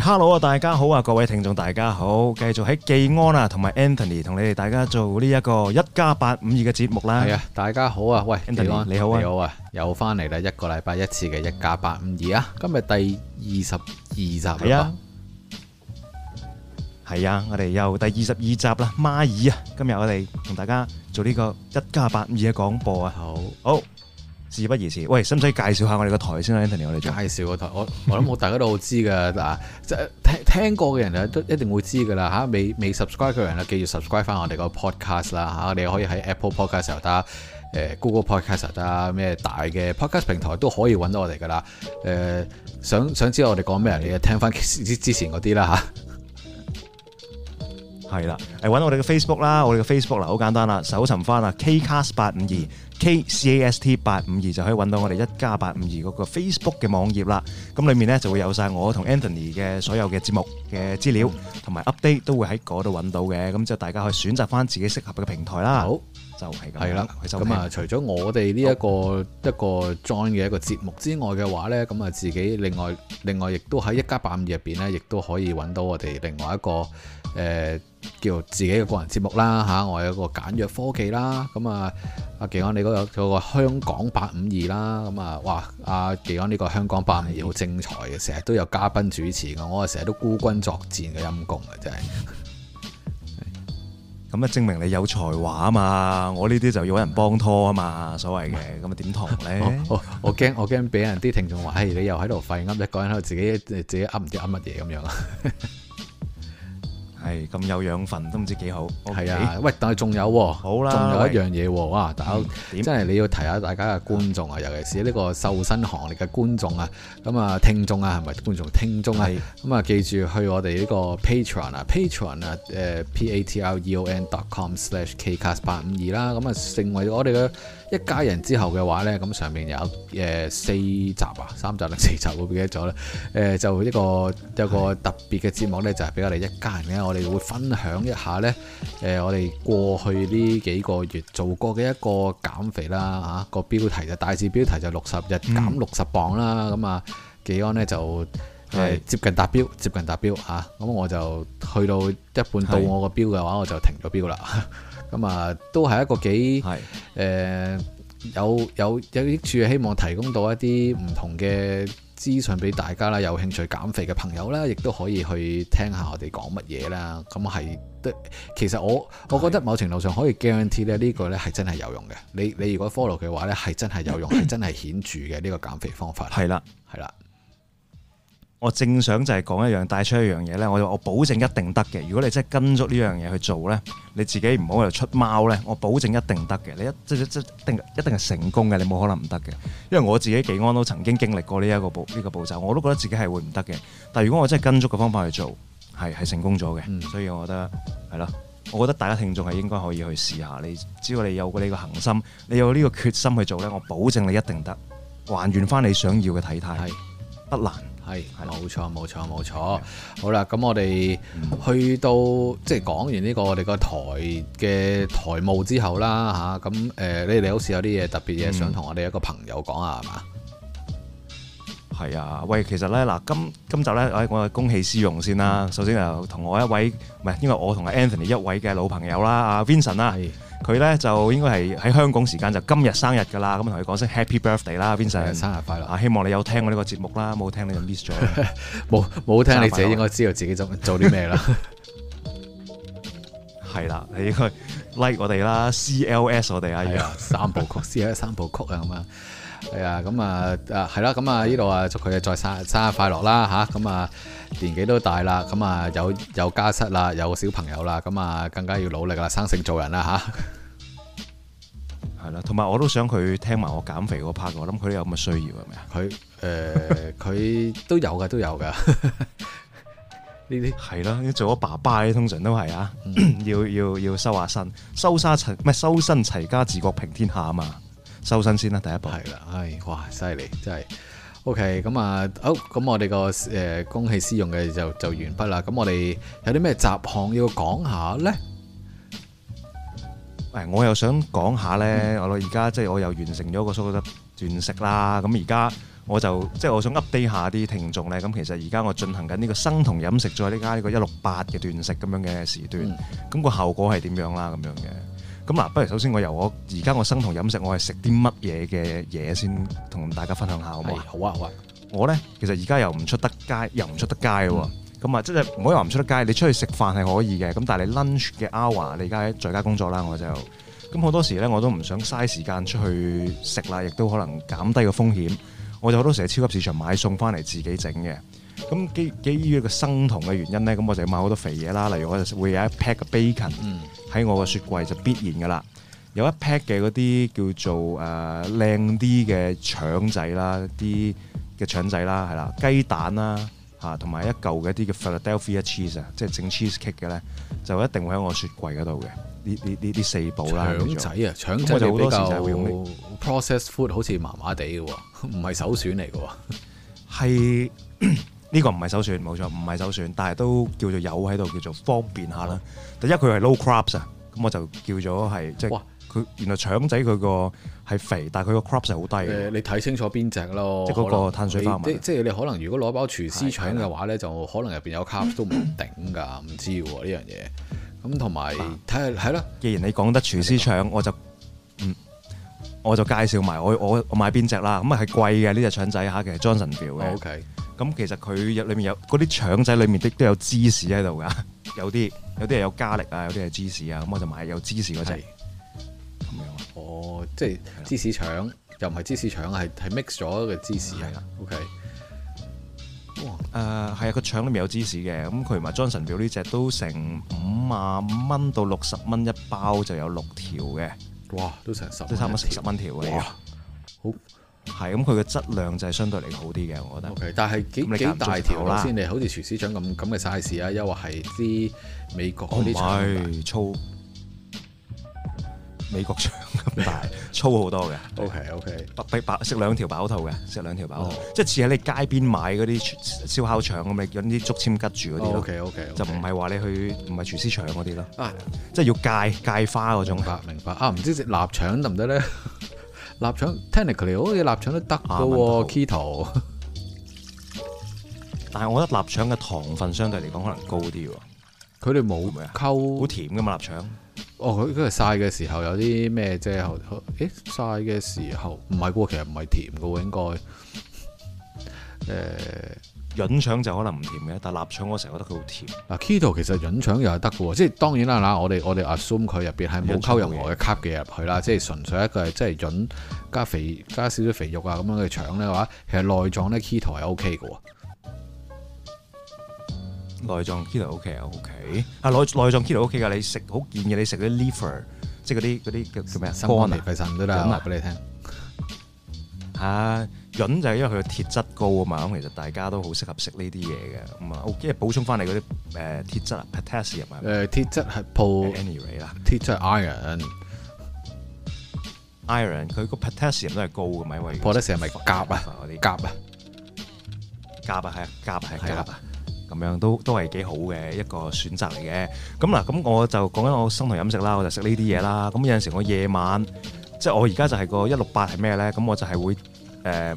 Hello 啊，大家好啊，各位聽眾大家好，繼續喺記安啊，同埋 Anthony 同你哋大家做呢一個一加八五二嘅節目啦。係啊，大家好啊，喂，Anthony 你好啊，你好啊，又翻嚟啦，一個禮拜一次嘅一加八五二啊，今日第二十二集啦。係啊，係啊，啊，我哋又第二十二集啦，螞蟻啊，今日我哋同大家做呢個一加八五二嘅廣播啊，好好。事不宜遲，喂，使唔使介紹下我哋個台先啊？Anthony，我哋介紹個台，我我諗我大家都好知噶，嗱 聽聽過嘅人都一定會知噶啦嚇。未、啊、未 subscribe 嘅人咧，記住 subscribe 翻我哋個 podcast 啦、啊、嚇。你又可以喺 Apple podcast 啊，誒 Google podcast 啊，咩大嘅 podcast 平台都可以揾到我哋噶啦。誒、啊，想想知道我哋講咩，你就聽翻之前嗰啲啦嚇。啊係啦，嚟搵我哋嘅 Facebook 啦，我哋嘅 Facebook 嗱好簡單啦，搜尋翻啊，Kcast 八五二，K C A S T 八五二就可以搵到我哋一家八五二嗰個 Facebook 嘅網頁啦。咁裏面呢，就會有晒我同 Anthony 嘅所有嘅節目嘅資料同埋 update，都會喺嗰度搵到嘅。咁就大家可以選擇翻自己適合嘅平台啦。好就係咁，係啦了。咁啊、嗯，除咗我哋呢一個好一個 join 嘅一個節目之外嘅話呢，咁啊自己另外另外亦都喺一家八五二入邊呢，亦都可以揾到我哋另外一個誒、呃、叫自己嘅個人節目啦嚇、啊。我有個簡約科技啦，咁啊阿傑安你嗰、嗰個嗰個香講八五二啦，咁啊哇阿傑安呢個香講八五二好精彩嘅，成日都有嘉賓主持嘅，我啊成日都孤軍作戰嘅，陰功啊真係。咁啊，就證明你有才華啊嘛！我呢啲就要揾人幫拖啊嘛，所謂嘅。咁啊，點同咧？我我驚我驚俾人啲聽眾話，係 你又喺度廢噏，一個人喺度自己自己噏唔知噏乜嘢咁樣啊！ 係咁有養分都唔知幾好，係、okay? 啊！喂，但係仲有，好啦，仲有一樣嘢喎，哇是！嗯、大家，真係你要提下大家嘅觀眾啊，嗯、尤其是呢個瘦身行列嘅觀眾啊，咁啊、嗯、聽眾啊，係咪觀眾聽眾啊？咁啊是記住去我哋呢個 Patreon 啊 Patreon 啊誒 p, on, Patreon,、uh, p a t r e o n dot com slash kcast 八五二啦，咁啊成為我哋嘅。一家人之後嘅話呢，咁上面有誒四集啊，三集定四集我唔記得咗啦。誒就一個有的個特別嘅節目呢，就係畀我哋一家人咧，我哋會分享一下呢，誒、呃、我哋過去呢幾個月做過嘅一個減肥啦，嚇、啊、個標題就大致標題就六十日減六十磅啦。咁啊、嗯，幾安呢就係的接近達標，接近達標嚇。咁、啊、我就去到一半到我個標嘅話，的我就停咗標啦。 咁啊、嗯，都係一個幾誒是、呃、有有有益處，希望提供到一啲唔同嘅資訊俾大家啦。有興趣減肥嘅朋友咧，亦都可以去聽下我哋講乜嘢啦。咁、嗯、係，都其實我我覺得某程度上可以 guarantee 咧，呢個咧係真係有用嘅。你你如果 follow 嘅話咧，係真係有用，係 真係顯著嘅呢、呢個減肥方法。係啦的，係啦。我正想就係講一樣帶出一樣嘢呢。我我保證一定得嘅。如果你真係跟足呢樣嘢去做呢，你自己唔好又出貓呢。我保證一定得嘅。你一定一定係成功嘅，你冇可能唔得嘅。因為我自己幾安都曾經經歷過呢一個步呢、呢個步驟，我都覺得自己係會唔得嘅。但如果我真係跟足個方法去做，係成功咗嘅。嗯、所以，我覺得係啦。我覺得大家聽眾係應該可以去試下。你只要你有呢個恒心，你有呢個決心去做呢，我保證你一定得還原翻你想要嘅體態，不難。係，冇錯冇錯冇錯。錯錯 好啦，咁我哋去到、嗯、即係講完呢、呢個我哋個台嘅台務之後啦，嚇咁誒，你哋好似有啲嘢特別嘢想同我哋一個朋友講啊，係嘛、嗯？係啊，喂，其實咧嗱，今今集咧，我我公器私用先啦。首先就同我一位，唔係，因為我同 Anthony 一位嘅老朋友啦，阿、啊、Vincent 啦，佢咧就應該係喺香港時間就是、今日生日噶啦。咁同佢講聲 Happy Birthday 啦，Vincent。生日快樂！啊，希望你有聽我呢個節目啦，冇聽你就 miss 咗。冇冇 聽你自己應該知道自己做做啲咩啦。係啦、 啊，你應該 like 我哋啦，CLS 我哋哎呀三部曲，CLS 三部曲啊咁樣。係、嗯、啊，咁、嗯、啊，誒，係啦，咁啊，呢、嗯、度啊，祝佢啊，再生生日快樂啦，吓、yani,，咁啊，年紀都大啦，咁啊，有有家室啦，有小朋友啦，咁啊，更加要努力啦，生性做人啦，吓，係啦，同埋我都想佢聽埋我減肥嗰 part，我諗佢都有咁嘅需要啊，係咪啊？佢誒，佢都有嘅，都有嘅，呢啲係咯，做咗爸爸咧，通常都係啊， 要要要收下身，修身齊唔係修身齊家治國平天下啊嘛。收身先啦，第一步係啦，唉，哇，犀利，真係，OK，咁啊，好，咁我哋個誒公器私用嘅就就完畢啦。咁我哋有啲咩雜項要講下咧？誒，我又想講下咧，我諗而家即係我又完成咗個蘇德斷食啦。咁而家我就即係我想 update 下啲聽眾咧。咁其實而家我進行緊呢個生酮飲食，再呢家呢個一六八嘅斷食咁樣嘅時段，咁個效果係點樣啦？咁樣嘅。咁嗱，不如首先我由我而家我生酮飲食，我係食啲乜嘢嘅嘢先，同大家分享下好唔好？好啊，好啊！我咧其實而家又唔出得街，又唔出得街喎。咁啊、嗯，即係唔可以話唔出得街。你出去食飯係可以嘅，咁但係你 lunch 嘅 hour 你而家在，在家工作啦，我就咁好多時咧我都唔想嘥時間出去食啦，亦都可能減低個風險。我就好多時喺超級市場買餸返嚟自己整嘅。咁基基於一個生酮嘅原因咧，咁我就買好多肥嘢啦，例如我就會有一 pack 嘅 bacon、嗯。喺我個雪櫃就必然噶啦，有一 pack 嘅嗰啲叫做誒靚啲嘅腸仔啦，啲嘅腸仔啦，係啦，雞蛋啦嚇，同埋一嚿嘅啲嘅 Philadelphia cheese 啊，cheese，即係整 cheese cake 嘅咧，就一定會喺我雪櫃嗰度嘅。呢呢呢呢四部啦，腸仔啊，腸仔好多時會用 process food，好似麻麻地嘅喎，唔係首選嚟嘅喎， 係， 呢個唔係首選，冇錯，唔係首選，但係都叫做有喺度，叫做方便下啦。嗯、第一佢係 low crops 啊，咁我就叫咗係哇即係佢原來腸仔佢個係肥，但係佢個 crops 係好低嘅、呃。你睇清楚邊隻咯，即係嗰個碳水化合物。即係你可能如果攞包廚師腸嘅話咧，就可能入邊有 cups 都唔頂㗎，唔 知喎呢樣嘢。咁同埋睇下係咯，既然你講得廚師腸，我就嗯的我，我就介紹埋我我我買邊隻啦。咁啊係貴嘅呢隻腸仔嚇嘅，其實係 Johnsonville 嘅。Okay. 咁其實佢入裏面有嗰啲腸仔裏面的都有芝士喺度㗎，有啲有啲係有加力啊，有啲係芝士啊，咁我就買有芝士嗰隻。咁是樣啊？哦，即係芝士腸，對又唔係芝士腸，係係 mix 咗嘅芝士啊。O K。okay 哇！誒係啊，個腸裏面有芝士嘅，咁佢同埋 Johnsonville 呢隻都成五十蚊到六十蚊一包就有六條嘅。哇！都成十都差唔多四十蚊條嘅。哇係咁，佢嘅質量就係相對嚟好啲嘅，我覺得。O K，但係幾幾大條先？你好似廚師腸咁咁嘅 size 啊，又或係啲美國腸、唔、哦、粗美國腸咁大，粗好多嘅。O K O K，食食兩條飽肚嘅，食兩條飽，即係似喺你街邊買嗰啲燒烤腸咁嘅，你用啲竹籤拮住嗰啲 O K O K，就唔係話你去唔係廚師腸嗰啲咯。即係、啊、要戒戒花嗰種法，明白啊？唔知食臘腸得唔得咧？臘腸 technically 我覺得臘腸都得㗎喎，Keto。但係我覺得臘腸嘅糖分相對嚟講可能高啲喎。佢哋冇溝，好甜㗎嘛臘腸。哦，佢佢係晒嘅時候有啲咩即係？誒晒嘅時候唔係喎，其實唔係甜㗎喎應該。 呃潤腸就可能唔甜嘅，但係臘腸我成日覺得佢好甜。嗱 Keto 其實潤腸又係得嘅喎，即係當然啦嗱，我哋我哋 assume 佢入邊係冇溝任何嘅 cap 嘅入去啦，即係純粹一個係即係潤加肥加少少肥肉啊咁樣嘅腸咧，哇，其實內臟咧 Keto 係 OK 嘅喎，okay, okay 啊。內臟 Keto OK 啊 OK 啊內內臟 Keto OK 㗎，你食好建嘅，你食啲 liver，即係嗰啲嗰啲叫咩肝脾肺腎都得啦，肝脾肺鈉就係因為佢個鐵質高啊嘛，咁其實大家都好適合食呢啲嘢嘅，咁啊，即係補充翻嚟嗰啲誒鐵質啊，potassium 啊，誒鐵質係 po anyway 啦，鐵質 iron，iron 佢個 potassium 都係高嘅嘛，potassium 係咪鉀啊？嗰啲鉀啊，鉀啊係啊，鉀係鉀啊，咁樣都都係幾好嘅一個選擇嚟嘅。咁嗱，咁我就講緊我生酮飲食啦，我就食呢啲嘢啦。咁有陣時我夜晚，即係我而家就係個一六八係咩咧？咁我就係會。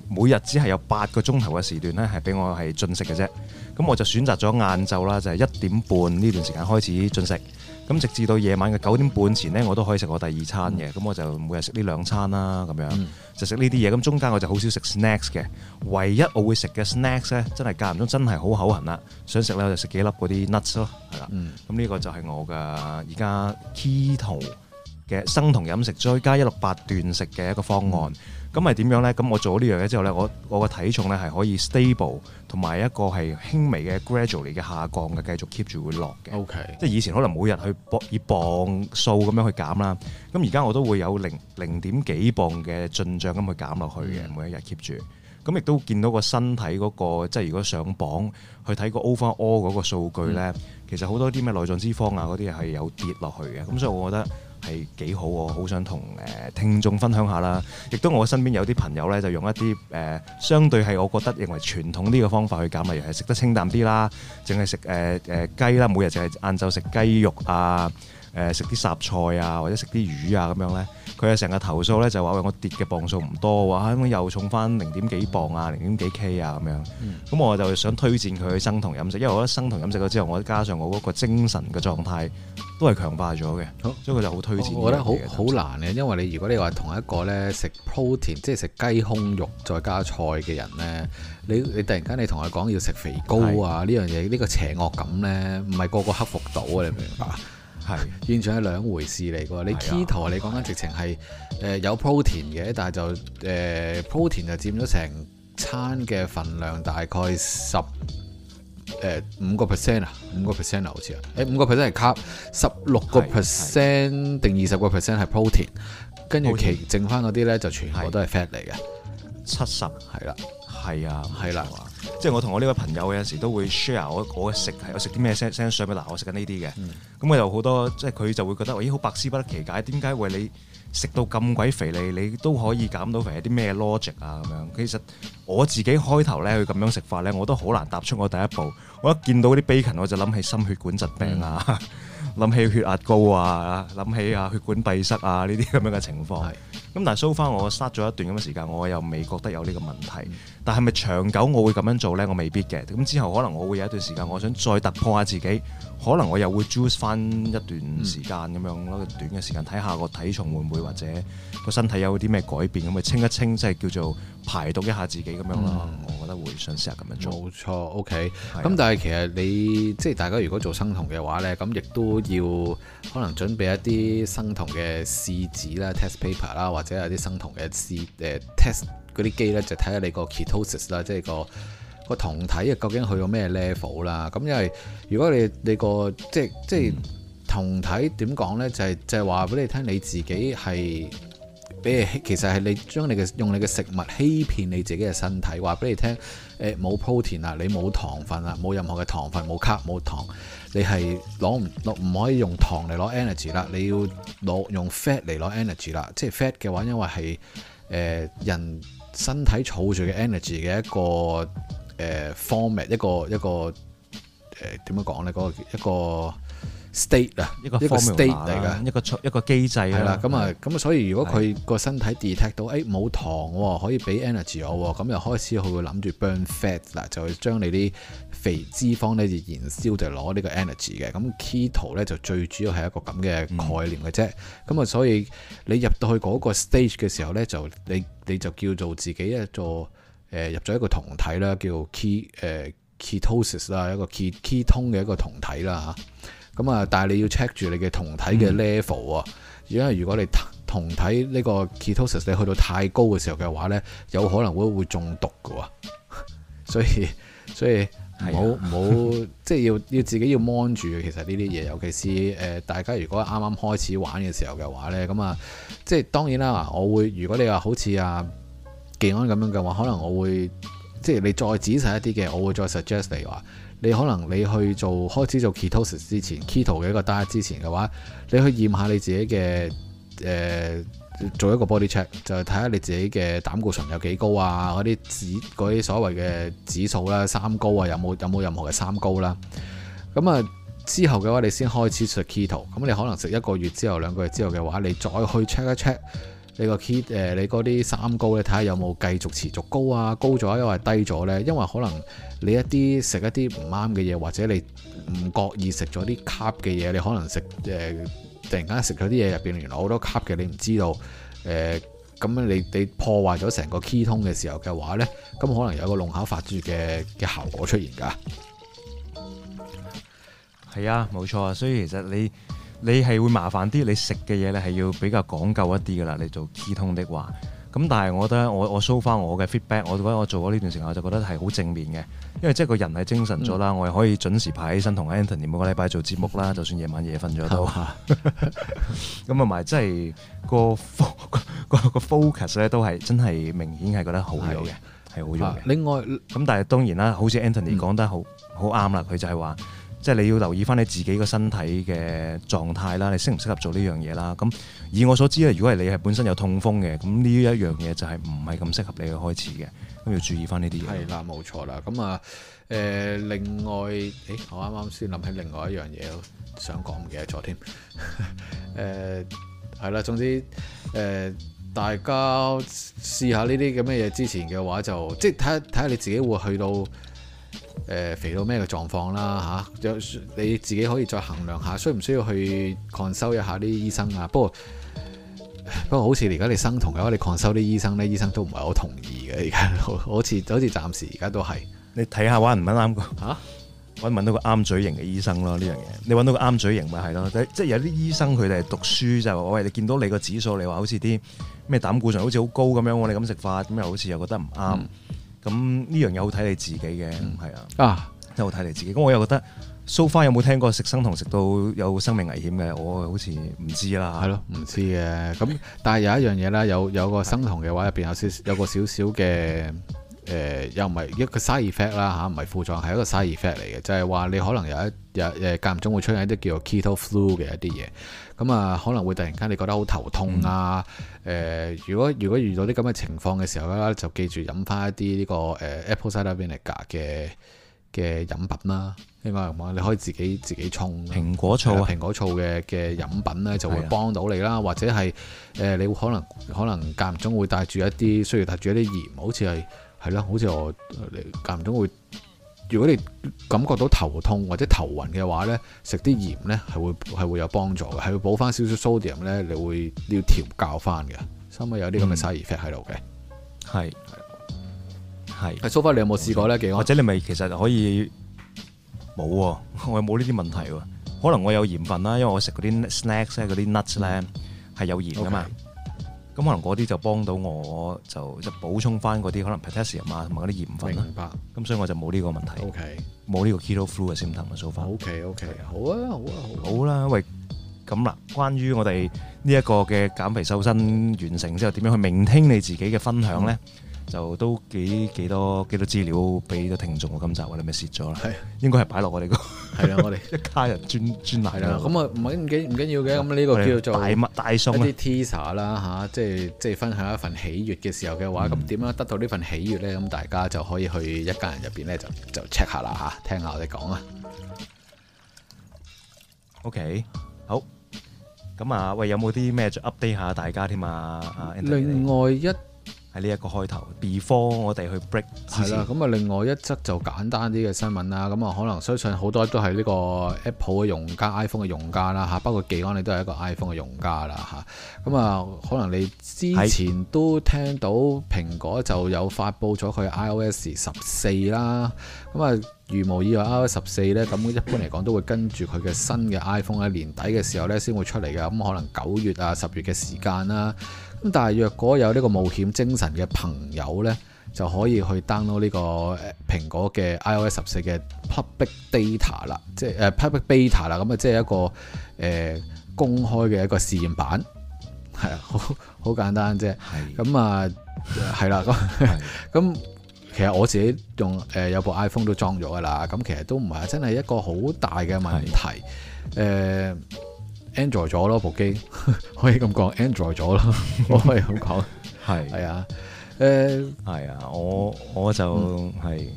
每日只係有八個鐘頭嘅時段咧，係俾我係進食嘅啫。咁我就選擇咗晏晝啦，就係、是、一點半呢段時間開始進食。咁直至到夜晚嘅九點半前呢，我都可以食我第二餐嘅。咁我就每日食呢兩餐啦，咁樣就食呢啲嘢。咁中間我就好少食 snacks 嘅，唯一我會食嘅 snacks 呢，真係間唔中真係好口痕啦。想食呢，我就食幾粒嗰啲 nuts 咯，係啦。咁呢個就係我嘅而家 keto 嘅生酮飲食，再加一六八斷食嘅一個方案。咁係點樣呢？咁我做呢樣嘢之後呢，我我個體重呢係可以 stable，同埋一個係輕微嘅 gradually 嘅下降嘅，繼續 keep 住會落嘅。O.K. 即係以前可能每日去以磅數咁樣去減啦，咁而家我都會有零零點幾磅嘅進帳咁去減落去嘅，mm hmm. 每一日 keep 住。咁亦都見到個身體嗰、那個，即係如果上磅去睇個 overall 嗰個數據咧，mm hmm. 其實好多啲咩內臟脂肪啊嗰啲係有跌落去嘅。咁所以我覺得。係幾好喎。好想同誒、呃、聽眾分享下啦。亦都我身邊有啲朋友呢，就用一啲誒、呃、相對係我覺得認為傳統啲嘅方法去減肥，係食得清淡啲啦，淨係食誒誒雞啦，每日淨係晏晝食雞肉啊。誒食啲雜菜啊，或者食啲魚啊咁樣咧，佢係成日投訴咧就話喂，我跌嘅磅數唔多喎，嚇又重翻零點幾磅啊，零點幾 K 啊咁樣。咁、嗯、我就想推薦佢去生酮飲食，因為我覺得生酮飲食咗之後，我加上我嗰個精神嘅狀態都係強化咗嘅，哦、所以佢就好推薦。我覺得好好難嘅，因為你如果你話同一個咧食 protein，即係食雞胸肉再加菜嘅人咧，你你，你突然間你同佢講要食肥膏啊呢樣嘢，呢的、啊呢個邪惡感咧，唔係個個克服到啊，你明唔明白？ 係，完全係兩回事嚟噶。你 k 鈣圖啊，你講緊直情係誒有 protein 嘅，但係就誒 protein 就佔咗成餐嘅份量，大概十誒五個 percent 啊，五個 percent 啊，好似啊，誒五個 percent 係 c u p 十六個 percent 定二十個 percent 係 protein，跟住其剩翻嗰啲咧就全部都係 fat 嚟嘅，七十，係啦，係啊，係啦。即係我同我呢位朋友有時都會 share 我我食係我食啲咩聲聲餸嘅，嗱我食緊呢啲嘅，咁我有好多即係佢就會覺得咦好百思不得其解，點解喂你食到咁鬼肥膩，你都可以減到肥？啲咩 logic 啊咁樣？其實我自己開頭咧去咁樣食法咧，我都好難踏出我第一步。我一見到啲 bacon，我就諗起心血管疾病啊，諗、嗯、 起血壓高啊，諗起啊血管閉塞啊呢啲咁樣嘅情況。咁但係 show 翻我嘥咗一段咁嘅時間，我又未覺得有呢個問題。但係咪長久我會咁樣做咧？我未必嘅。咁之後可能我會有一段時間，我想再突破下自己，可能我又會 juice 翻一段時間，咁樣咯，短嘅時間睇下個體重會唔會，或者個身體有啲咩改變，咁咪清一清即係、就是、叫做排毒一下自己咁樣咯。嗯、我覺得會想試下咁樣做。冇錯 OK 咁但係其實你即係大家如果做生酮嘅話咧，咁亦都要可能準備一啲生酮嘅試紙啦、test paper 啦或或者有啲生酮嘅試誒、呃、test 嗰啲機咧，就睇下你 ketosis，個 ketosis 啦，即係個個酮體啊，究竟去到咩 level 啦？咁因為如果你你個即即酮體點講咧，就係、係、就係話俾你聽，你自己係俾其實係你將你嘅用你嘅食物欺騙你自己嘅身體，話俾你聽。誒冇 protein 啊，你冇糖分啊，冇任何嘅糖分，冇卡，冇糖，你係攞唔攞唔可以用糖嚟攞 energy 啦，你要攞用 fat 嚟攞 energy 啦，即係 fat 嘅話，因為係誒、呃、人身體儲住嘅 energy 嘅一個誒、呃、format，一個一個誒點樣講呢？嗰個一個。呃 state 啊，一個 formular, 一個 state 嚟噶，一個一個機制係啦。咁啊，咁啊對，所以如果佢個身體 detect 到誒冇對、哎、糖喎，可以俾 energy 我喎，咁又開始佢會諗住 burn fat 嗱，就去將你啲肥脂肪咧就燃燒，就攞呢個 energy 嘅。咁 ketone 咧就最主要係一個咁嘅概念嘅啫。咁啊、嗯，所以你入到去嗰個 stage 嘅時候咧，就你你就叫做自己一座誒入咗一個酮體啦，叫做 k 誒 ketosis 啦，一個 ket ketone 嘅一個酮體啦嚇。咁啊！但係你要 check 住你嘅酮體嘅 level 啊、嗯，因為如果你酮體呢個 ketosis 你去到太高嘅時候嘅話呢，有可能會會中毒嘅喎。 所以所以唔好唔好即係要、哎呀就是、要，要自己要 mon 住其實呢啲嘢，尤其是誒、呃、大家如果啱啱開始玩嘅時候嘅話呢。咁啊，即、就、係、是、當然啦。我會如果你話好似啊健安咁樣嘅話，可能我會即係、就是、你再仔細一啲嘅，我會再 suggest 你話。你可能你去做開始做 ketosis 之前 keto 嘅一個 diet 之前嘅話，你去驗下你自己嘅誒、呃、做一個 body check，就係睇下你自己嘅膽固醇有幾高啊，嗰啲指嗰啲所謂嘅指數啦、三高啊，有冇有冇任何嘅三高啦、啊？咁啊之後嘅話，你先開始食 keto，咁你可能食一個月之後、兩個月之後嘅話，你再去 check 一 check。你個 k e y 誒，你嗰啲三高咧，睇下有冇繼續持續高啊？高咗，因為低咗咧，因為可能你一啲食一啲唔啱嘅嘢，或者你唔覺意食咗啲 cup 嘅嘢，你可能食誒、呃、突然間食咗啲嘢入邊原來好多 cup 嘅，你唔知道誒，咁、呃、樣你你破壞咗成個 k e y 通嘅時候嘅話咧，咁可能有個龍口發住嘅嘅效果出現㗎。係啊，冇錯啊，所以其實你。你係會麻煩啲，你食嘅嘢咧係要比較講究一啲噶啦。你做 keto 的話，咁但係我覺得我我 show 翻我嘅 feedback，我覺得我做咗呢段時間，我就覺得係好正面嘅，因為即係個人係精神咗啦，嗯、我係可以準時排起身同 Anthony 每個禮拜做節目啦，就算晚夜晚夜瞓咗都。咁啊、 就是，埋即係個 focus 咧都係真係明顯係覺得好咗嘅，係是好咗嘅。另外咁，但係當然啦，好似 Anthony 講得好好啱啦，佢、嗯、就係話。即係你要留意翻你自己個身體嘅狀態啦，你適唔適合做呢樣嘢啦？咁以我所知啊，如果係你係本身有痛風嘅，咁呢一樣嘢就係唔係咁適合你去開始嘅，咁要注意翻呢啲嘢。係啦，冇錯啦。咁啊，誒、呃，另外，誒，我啱啱先諗起另外一樣嘢咯，想講唔記得咗添。誒，係啦，總之，誒、呃，大家試下呢啲咁嘅嘢之前嘅話就，就即係睇下睇下你自己會去到，誒、呃、肥到咩嘅狀況啦嚇？有、啊、你自己可以再衡量下，需唔需要去抗修一下啲醫生啊？不過不過，好似而家你生酮嘅話，你抗修啲醫生咧，醫生都唔係好同意嘅。而家好似好似暫時而家都係你睇下玩唔揾啱個嚇？揾到個啱嘴型嘅醫生咯，呢樣嘢你揾到個啱嘴型咪係咯？即即有啲醫生佢哋係讀書就話喂，你見到你個指數，你話好似啲咩膽固醇好似好高咁樣，我哋咁食法咁又好似又覺得唔啱、嗯。咁呢樣嘢好睇你自己嘅，係、嗯、啊，真係好睇你自己。咁我又覺得、啊、so far 有冇聽過食生酮食到有生命危險嘅？我好似唔知啦，係咯，唔知嘅。咁但係有一樣嘢咧，有有個生酮嘅話，入邊有少有個少少嘅誒，又唔係一個 side effect 啦、啊、嚇，唔係副作用，係一個 side effect 嚟嘅，就係、是、話你可能有一日誒間唔中會出現一啲叫做 keto flu 嘅一啲嘢。咁啊，可能會突然間你覺得好頭痛啊！誒、嗯呃，如果如果遇到啲咁嘅情況嘅時候咧，就記住飲翻一啲呢、這個誒、呃、apple cider vinegar 嘅嘅飲品啦，應該係咁你可以自己自己沖蘋果醋啊，蘋果醋嘅嘅飲品咧就會幫到你啦，的或者係誒、呃、你會可能可能間唔中會帶住一啲需要帶住一啲鹽，好似係係咯，好似我間唔中會。如果你感覺到頭痛或者頭暈嘅話咧，食啲鹽咧係會係會有幫助嘅，係會補翻少少 sodium 咧，你會要調校翻嘅。所以咪有啲咁嘅 side effect 喺度嘅，係係係。蘇菲，so、far，你有冇試過咧？或者你咪其實可以冇喎、啊，我冇呢啲問題喎。可能我有鹽分啦，因為我食嗰啲 snacks 咧，嗰啲 nuts 咧係有鹽㗎嘛。Okay. 咁可能嗰啲就幫到我，就即補充翻嗰啲可能 potassium 啊，同埋嗰啲鹽分。明白。咁、啊、所以我就冇呢個問題。O K。Okay, okay。冇呢個 keto flu 嘅 symptom。嘅狀況。O K O K。好啊好啊，好，啊好啦。喂，咁啦，關於我哋呢一個嘅減肥瘦身完成之後，點樣去聆聽你自己嘅分享咧？嗯就都幾幾多幾多資料俾咗聽眾喎。今集我哋咪蝕咗啦，係應該係擺落我哋個系啊，我哋一家人專專欄啊，咁啊唔係唔緊唔緊要嘅。咁呢個叫做大物大送一啲 TSA 啦，吓，即係即係分享一份喜悅嘅時候嘅話，咁點樣得到呢份喜悅咧？咁大家就可以去一家人入邊咧就就 check 下啦吓，聽下我哋講啊。OK，好，咁啊喂，有冇啲咩 update 下大家添啊？另外一喺呢一個開頭，before 我哋去 break。係啦，咁啊，另外一則就簡單啲嘅新聞啦。咁啊，可能相信好多都係呢個 Apple 嘅用家、iPhone 嘅用家啦嚇，包括技安你都係一個 iPhone 嘅用家啦嚇。咁啊，可能你之前都聽到蘋果就有發布咗佢 iOS 十四啦。咁啊，如無意外 iOS 十四呢，咁一般嚟講都會跟住佢嘅新嘅 iPhone 喺年底嘅時候呢先會出嚟嘅。咁可能九月啊、十月嘅時間啦。咁但係若果有呢個冒險精神嘅朋友呢，就可以去 download 呢個誒蘋果嘅 iOS 十四嘅 public beta 啦，即係誒 public beta 啦，咁啊即係一個誒、呃、公開嘅一個試驗版，係啊，好好簡單啫。咁的啊，係啦，咁咁的其實我自己用誒、呃、有部 iPhone 都裝咗噶啦，咁其實都唔係真係一個好大嘅問題，誒的。呃 Android 咗咯，部機可以咁講，Android 咗咯，我係咁講，係係 啊，誒係、嗯、啊，我我就係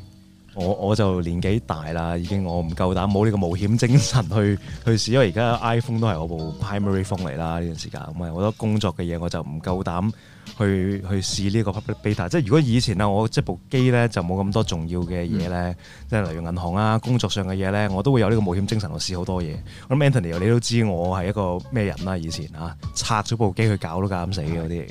我我就年紀大啦，已經我唔夠膽冇呢個冒險精神去去試，因為而家 iPhone 都係我部 primary phone 嚟啦呢段時間，咁啊好多工作嘅嘢我就唔夠膽。去去試呢個 public beta，即係如果以前啊，我即部機咧就冇咁多重要嘅嘢咧，即係、嗯、例如銀行啊、工作上嘅嘢咧，我都會有呢個冒險精神去試好多嘢。我諗 Anthony 你都知我係一個咩人啦、啊，以前嚇、啊、拆咗部機去搞都夠膽死嗰啲嚟嘅。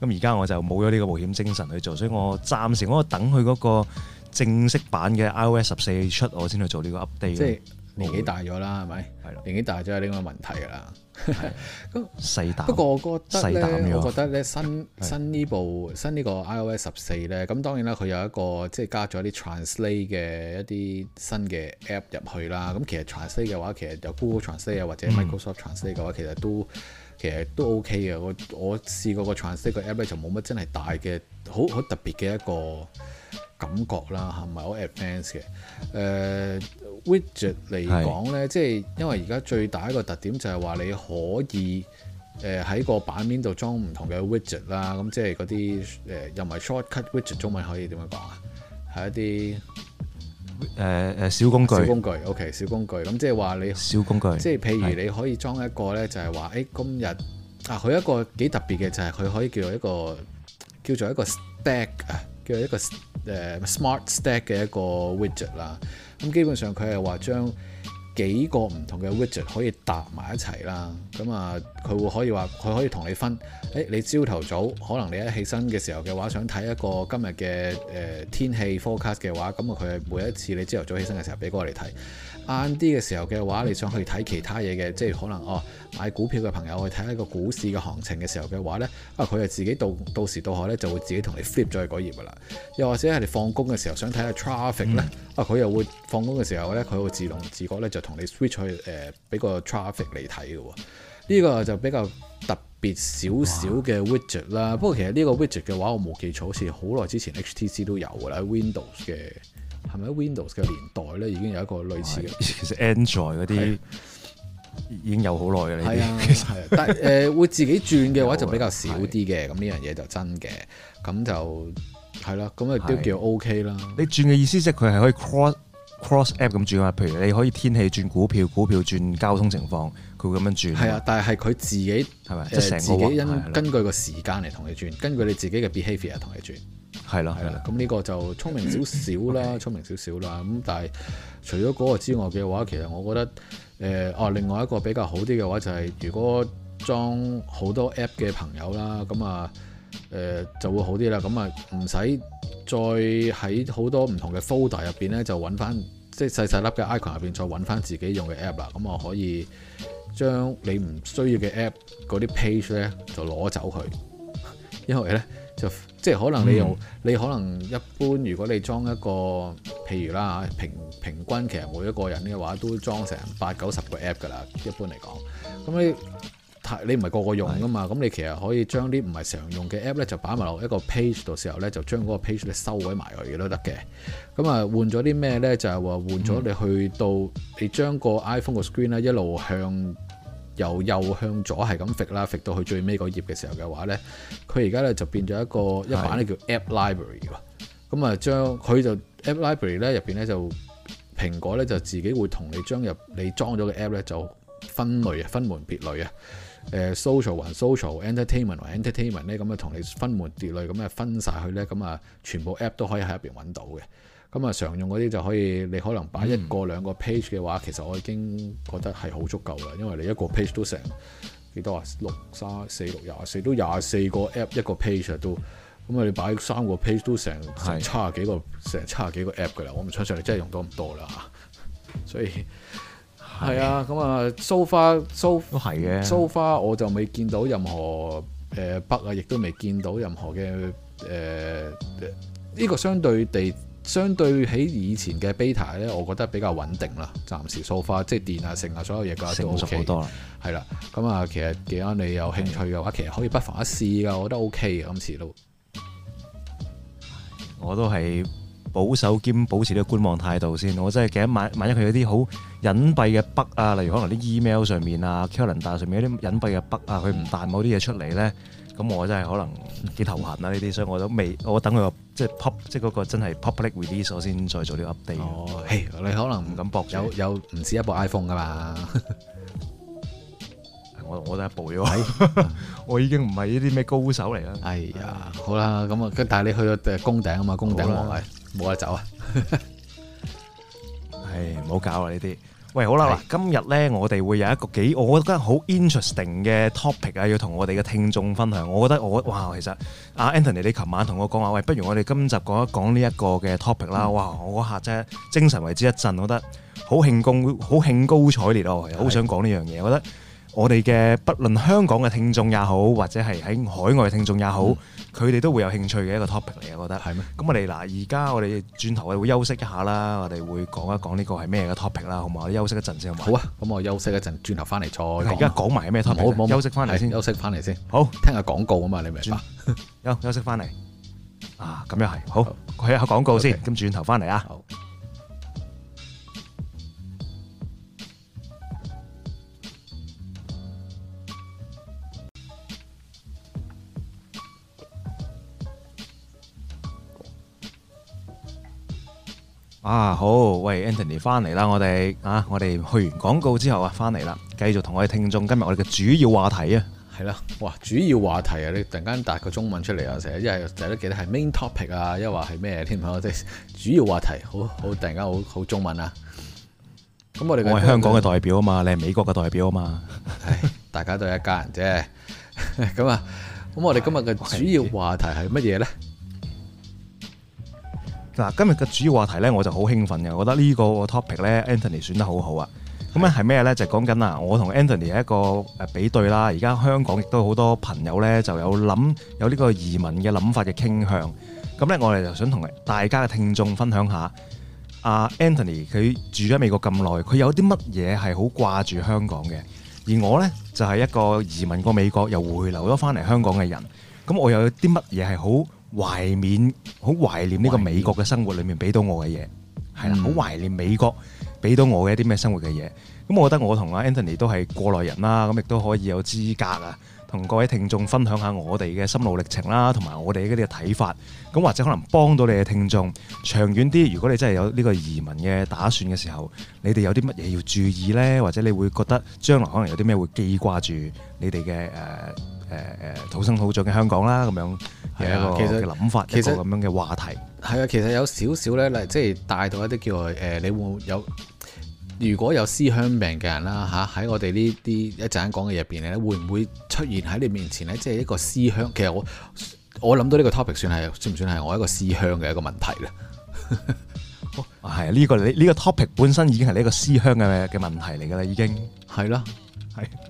咁而家我就冇咗呢個冒險精神去做，所以我暫時我等佢嗰個正式版嘅 iOS 十四出我先去做呢個 update。即係是年紀大咗啦，係咪？係的年紀大咗係呢個問題㗎啦。咁 那細膽，不過我覺得咧，我覺得咧新新呢部新呢個 iOS 十四咧，咁當然啦，佢有一個即係、就是、加咗啲 translate 嘅一啲新嘅 app 入去啦。咁其實 translate 嘅話，其實有 Google Translate 啊，或者 Microsoft Translate 嘅話，其實都其實都 OK 嘅。我我試過個 translate 個 app 咧，就冇乜真係大嘅好好特別嘅一個感覺啦，係唔係好 advanced 嘅誒。widget 嚟講咧，即係因為而家最大一個特點就係話你可以誒喺個版面度裝唔同嘅 widget 啦，咁即係嗰啲誒又唔係 shortcut widget，中文可以點樣講啊？係一啲誒誒小工具。小工具，OK，小工具。咁即係話你小工具，即係譬如你可以裝一個咧，就係話誒今日啊，佢一個幾特別嘅就係佢可以叫做一個叫做一個 stack 啊，叫做一個誒 smart stack 嘅一個 widget 啦。咁基本上佢係話將幾個唔同嘅 widget 可以搭埋一齊啦，咁啊佢會可以話佢可以同你分，誒你朝頭早可能你一起身嘅時候嘅話想睇一個今日嘅誒天氣 forecast 嘅話，咁啊佢係每一次你朝頭早起身嘅時候俾過我哋睇。晏啲嘅時候嘅話，你想去睇其他嘢嘅，即係可能哦，買股票嘅朋友去睇一個股市嘅行情嘅時候嘅話呢，啊佢又自己到到時到候呢就會自己同你 flip 咗去嗰頁噶啦。又或者係你放工嘅時候想睇下 traffic 呢，啊佢又會放工嘅時候呢，佢會自動自覺呢就同你 switch 去誒俾、呃、個 traffic 你睇嘅喎。呢、呢個就比較特別少少嘅 widget 啦。哇不過其實呢個 widget 嘅話我冇記錯，好似好耐之前 HTC 都有嘅啦，Windows 嘅。係咪 Windows 嘅年代咧，已經有一個類似嘅？其實 Android 嗰啲已經有好耐嘅呢啲，係啊，啊，啊，但係誒、呃、會自己轉嘅話就比較少啲嘅。咁呢樣嘢就真嘅，咁就係啦。咁啊都叫 OK 啦。啊、你轉嘅意思即係佢係可以 cross cross app 咁轉啊。譬如你可以天氣轉股票，股票轉交通情況，佢會咁樣轉係啊。但係係佢自己係咪即係成個自己因、啊、根據個時間嚟同你轉，根據你自己嘅 behavior 同你轉。係啦，係啦，咁呢個就聰明少少啦， 聰明少少啦，咁 但係除咗嗰個之外嘅話，其實我覺得誒，哦、呃啊，另外一個比較好啲嘅話就係，如果裝好多 app 嘅朋友啦，咁啊誒、呃、就會好啲啦，咁啊唔使再喺好多唔同嘅 folder 入邊咧，就揾翻即係細細粒嘅 icon 入邊再揾翻自己用嘅 app 啦，咁我可以將你唔需要嘅 app 嗰啲 page 咧就攞走佢，因為咧。就即係可能你用，嗯、你可能一般如果你裝一個，譬如啦平平均其實每一個人嘅話都裝成八九十個 app 㗎啦，一般嚟講。咁你你唔係個個用㗎嘛，咁是你其實可以將啲唔係常用嘅 app 咧就擺埋落一個 page 度時候咧就將嗰個 page 咧收尾埋佢都得嘅。咁啊換咗啲咩呢？就係話換咗你去到你將個 iPhone 個 screen 咧一路向。由右向左係咁揈啦，揈到去最尾嗰頁嘅時候嘅話呢，佢而家呢就變咗一個是的 一版呢叫 App Library 喎、嗯。咁啊，將佢就 App Library 呢入邊呢，就蘋果呢就自己會同你將入你裝咗嘅 App 呢，就分類，分門別類啊。Social or social entertainment or entertainment 呢，咁啊，同你分門別類咁啊分晒佢呢，咁啊，全部 App 都可以喺入邊揾到嘅。咁啊，常用嗰啲就可以，你可能擺一個兩個 page 嘅話，嗯、其實我已經覺得係好足夠啦。因為你一個 page 都成幾多啊？六三四六廿四都廿四個 app 一個 page 都咁啊，你擺三個 page 都成成七十幾個成七十幾個 app 㗎啦。我唔相信你真係用到咁多啦。所以係啊，咁啊，so far so far 都係嘅。嗯 so、far、so, so、我就未見到任何誒 bug 啊，亦、呃、都未見到任何嘅誒呢個相對地。相對起以前嘅 beta 咧，我覺得比較穩定啦。暫時 so far 即係電啊、成啊所有嘢都 OK 好多啦。係啦，咁啊，其實既然，你有興趣嘅話，的其實可以不妨一試嘅，我覺得 OK 嘅今次都。我都係保守兼保持呢個觀望態度先。我真係記得萬萬一佢有啲好隱蔽嘅 bug 啊，例如可能啲 email 上面啊、calendar 上面有啲隱蔽嘅 bug 啊，佢唔彈某啲嘢出嚟咧。咁我真係可能幾頭痕啊呢啲，所以我都未，我等佢即係 pop，即係嗰個真係 public release，我先再做啲 update。哦，係，你可能唔敢博。有有唔止一部 iPhone 噶啦？我我都一部啫，我已經唔係呢啲咩高手嚟啦。哎呀，好啦，咁啊，但係你去到頂宮頂啊嘛，宮頂無謂，冇得走啊。係，唔好搞啦呢啲。喂，好啦，嗱，今日呢，我哋會有一個幾，我覺得好 interesting 嘅 topic 啊，要同我哋嘅聽眾分享。我覺得我哇，其實阿 Anthony，你琴晚同我講話，喂，不如我哋今集講一講呢一個嘅 topic 啦。嗯、哇，我嗰下真係精神為之一振，我覺得好興功，好興高采烈啊！我係好想講呢樣嘢。是的 我覺得我哋嘅不論香港嘅聽眾也好，或者係喺海外嘅聽眾也好。嗯嗯佢哋都會有興趣嘅一個 topic 嚟，我覺得。係咩嗎？咁我哋嗱，而家我哋轉頭會休息一下啦，我哋會講一講呢個係咩嘅 topic 啦，好唔好休息一陣先好，好啊。咁我休息一陣，轉頭翻嚟再。而家講埋咩 topic？我我休息翻嚟先，休息翻嚟先。好，聽下廣告啊嘛，你明白？有休息翻嚟 啊，咁又係好，去好下廣告先，咁轉頭翻嚟啊。好啊，好，喂 Anthony 翻嚟啦，我哋啊，我哋去完廣告之後啊，翻嚟啦，繼續同我哋聽眾今日我哋嘅主要話題啊，係啦，哇主要話題啊，你突然間答個中文出嚟啊，成日都記得係 main topic 啊，又話係咩添啊，即係主要話題，好好突然間好好中文啊，咁我哋我係香港嘅代表啊嘛，嗯、你係美國嘅代表啊嘛 、哎，大家都係一家人啫，咁 啊，咁我哋今日嘅主要話題係乜嘢呢？嗱，今日嘅主要話題呢，我就好興奮嘅，我覺得個呢個 topic 咧，Anthony 選得好好啊。咁咧係咩呢？就講緊啊，我同 Anthony 一個誒比對啦。而家香港亦都好多朋友呢，就有諗有呢個移民嘅諗法嘅傾向。咁呢，我哋就想同大家嘅聽眾分享下，阿、uh, Anthony 佢住咗美國咁耐，佢有啲乜嘢係好掛住香港嘅？而我呢，就係、是、一個移民過美國又回流咗翻嚟香港嘅人，咁我又有啲乜嘢係好？懷念，好懷念呢個美國嘅生活裏面俾到我嘅嘢，係啦懷念，好懷念美國俾到我嘅一啲咩生活嘅嘢。咁我覺得我同阿 Anthony 都係過來人啦，咁亦都可以有資格啊，同各位聽眾分享下我哋嘅心路歷程啦，同埋我哋嗰啲嘅睇法。咁或者可能幫到你嘅聽眾，長遠啲。如果你真係有呢個移民嘅打算嘅時候，你哋有啲乜嘢要注意呢？或者你會覺得將來可能有啲咩會記掛住你哋嘅誒？Uh, 誒誒，土生土長嘅香港啦，咁樣係一個其實諗法、啊，其實咁樣嘅話題，係啊，其實有少少咧，即係帶到一啲叫做、呃、你會,會有如果有思鄉病嘅人啦，吓、啊，喺我哋呢啲一陣講嘅入邊咧，會唔會出現喺你面前呢？即係一個思鄉。其實我我諗到呢個 topic 算係算唔算係我一個思鄉嘅一個問題咧？係、 哦、啊，呢、呢個呢呢、呢個 topic 本身已經係呢一個思鄉嘅嘅問題嚟㗎啦，已經係咯，係、啊。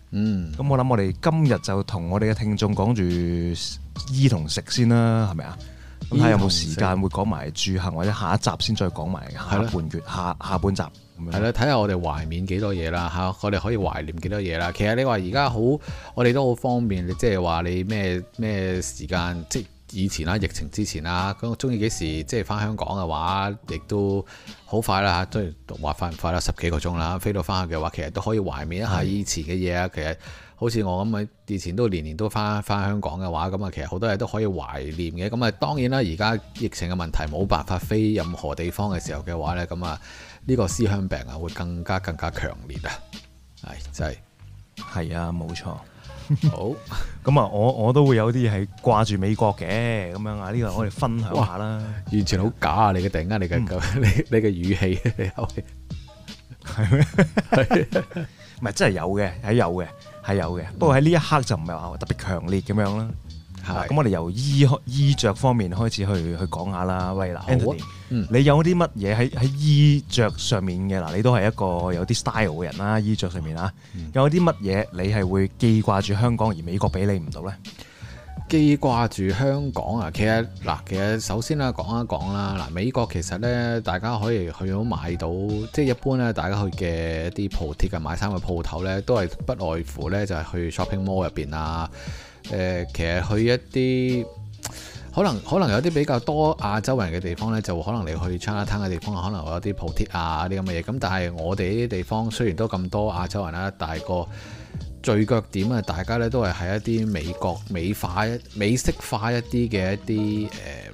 嗯，咁我諗我哋今日就同我哋嘅聽眾講住衣同食先啦，係咪啊？咁睇有冇時間會講埋住行，或者下一集先再講埋，下半月下下半集，係啦，睇下了樣我哋懷緬幾多嘢啦，吓我哋可以懷念幾多嘢啦。其實你話而家好，我哋都好方便，即係話你咩咩時間即。以前啦，疫情之前啦，咁中意幾時即係翻香港嘅話，亦都好快啦嚇，都話翻快啦，十幾個鐘啦，飛到翻去嘅話，其實都可以懷緬一下以前嘅嘢啊。其實好似我咁啊，以前都年年都翻翻香港嘅話，咁啊，其實好多嘢都可以懷念嘅。咁啊，當然啦，而家疫情嘅問題冇辦法飛任何地方嘅時候嘅話呢，咁啊，呢個思鄉病啊會更加更加強烈、哎、啊，係真係係啊，冇錯。好，咁啊，我我都會有啲嘢係掛住美國嘅，咁樣啊，呢個我哋分享下啦。完全好假啊！你嘅突然間，你嘅你你嘅語氣，係咩？係咪真係有嘅？係有嘅，係有嘅。嗯、不過喺呢一刻就唔係話特別強烈咁樣啦。咁是我哋由衣衣着方面開始去去講下啦。喂、啊，嗱 Anthony 你有啲乜嘢喺喺衣着上面嘅？嗱、嗯，你都係一個有啲 style 嘅人啦。衣着上面啊，嗯、有啲乜嘢你係會記掛住香港而美國俾你唔到咧？記掛住香港啊，其實嗱，其實首先啊，講一講啦。嗱，美國其實咧，大家可以去到買到，即係一般咧，大家去嘅一啲鋪貼嘅買衫嘅鋪頭咧，都係不外乎咧，就係去 shopping mall 入邊啊。誒、呃，其實去一啲可能可能有啲比較多亞洲人嘅地方呢，就可能你去 Chinatown 嘅地方可能會有啲鋪貼啊啲咁嘅嘢。咁但係我哋呢啲地方雖然都咁多亞洲人啦，但係個聚腳點啊，大家咧都係喺一啲美國美化美式化一啲嘅一啲誒、呃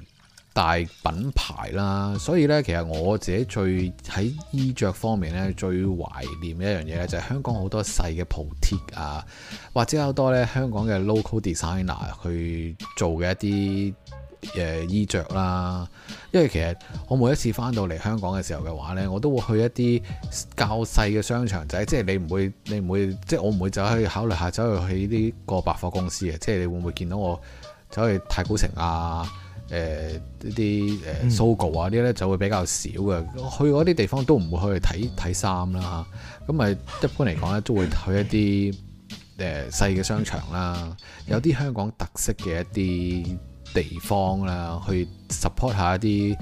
大品牌啦，所以咧，其實我自己最喺衣着方面咧，最懷念一樣嘢咧，就係香港好多細嘅鋪貼啊，或者好多咧香港嘅 local designer 去做嘅一啲誒衣着啦。因為其實我每一次翻到嚟香港嘅時候嘅話咧，我都會去一啲較細嘅商場仔，即係你唔會，你唔會即係我唔會走去考慮下走去去呢個百貨公司嘅，即係你會唔會見到我走去太古城啊？誒呢啲誒 Sogo 啊啲咧就會比較少嘅，去嗰啲地方都唔會去睇睇衫啦嚇。咁咪一般嚟講咧，都會去一啲誒細嘅商場啦，有啲香港特色嘅一啲地方啦，去 support 下一啲誒、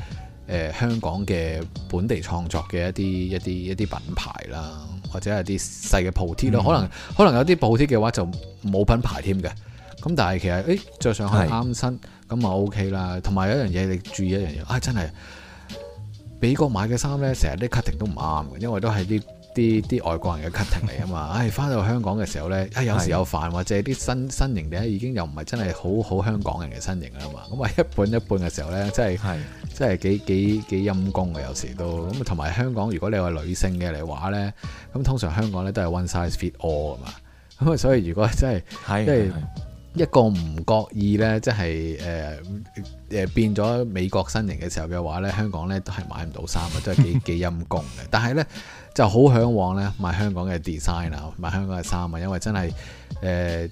呃、香港嘅本地創作嘅一啲一啲一啲品牌啦，或者係啲細嘅鋪貼咯。嗯、可能、嗯、可能有啲鋪貼嘅話就冇品牌添嘅。咁但係其實誒着上去啱身。咁啊 OK 啦，同埋有一樣嘢你注意一樣嘢，啊、哎、真係，美國買嘅衫呢，成日啲 cutting 都唔啱，因為都係啲啲啲外國人嘅 cutting 嚟啊嘛，唉、哎，返到香港嘅時候呢，啊、哎、有時有煩，的或者啲身身形呢，已經又唔係真係好好香港人嘅身形啊嘛，咁啊一半一半嘅時候呢，真係真係的幾幾幾陰功嘅有時都。咁啊同埋香港如果你係女性嘅嚟話呢，咁通常香港呢都係 one size fit all 啊嘛，咁啊所以如果真係即係。的的一個唔覺意呢，即係誒誒變咗美國身形嘅時候嘅話呢，香港呢都係買唔到衫啊，都係幾幾陰公嘅。 但係呢就好嚮往呢買香港嘅 design 啊，買香港嘅衫啊，因為真係誒、呃、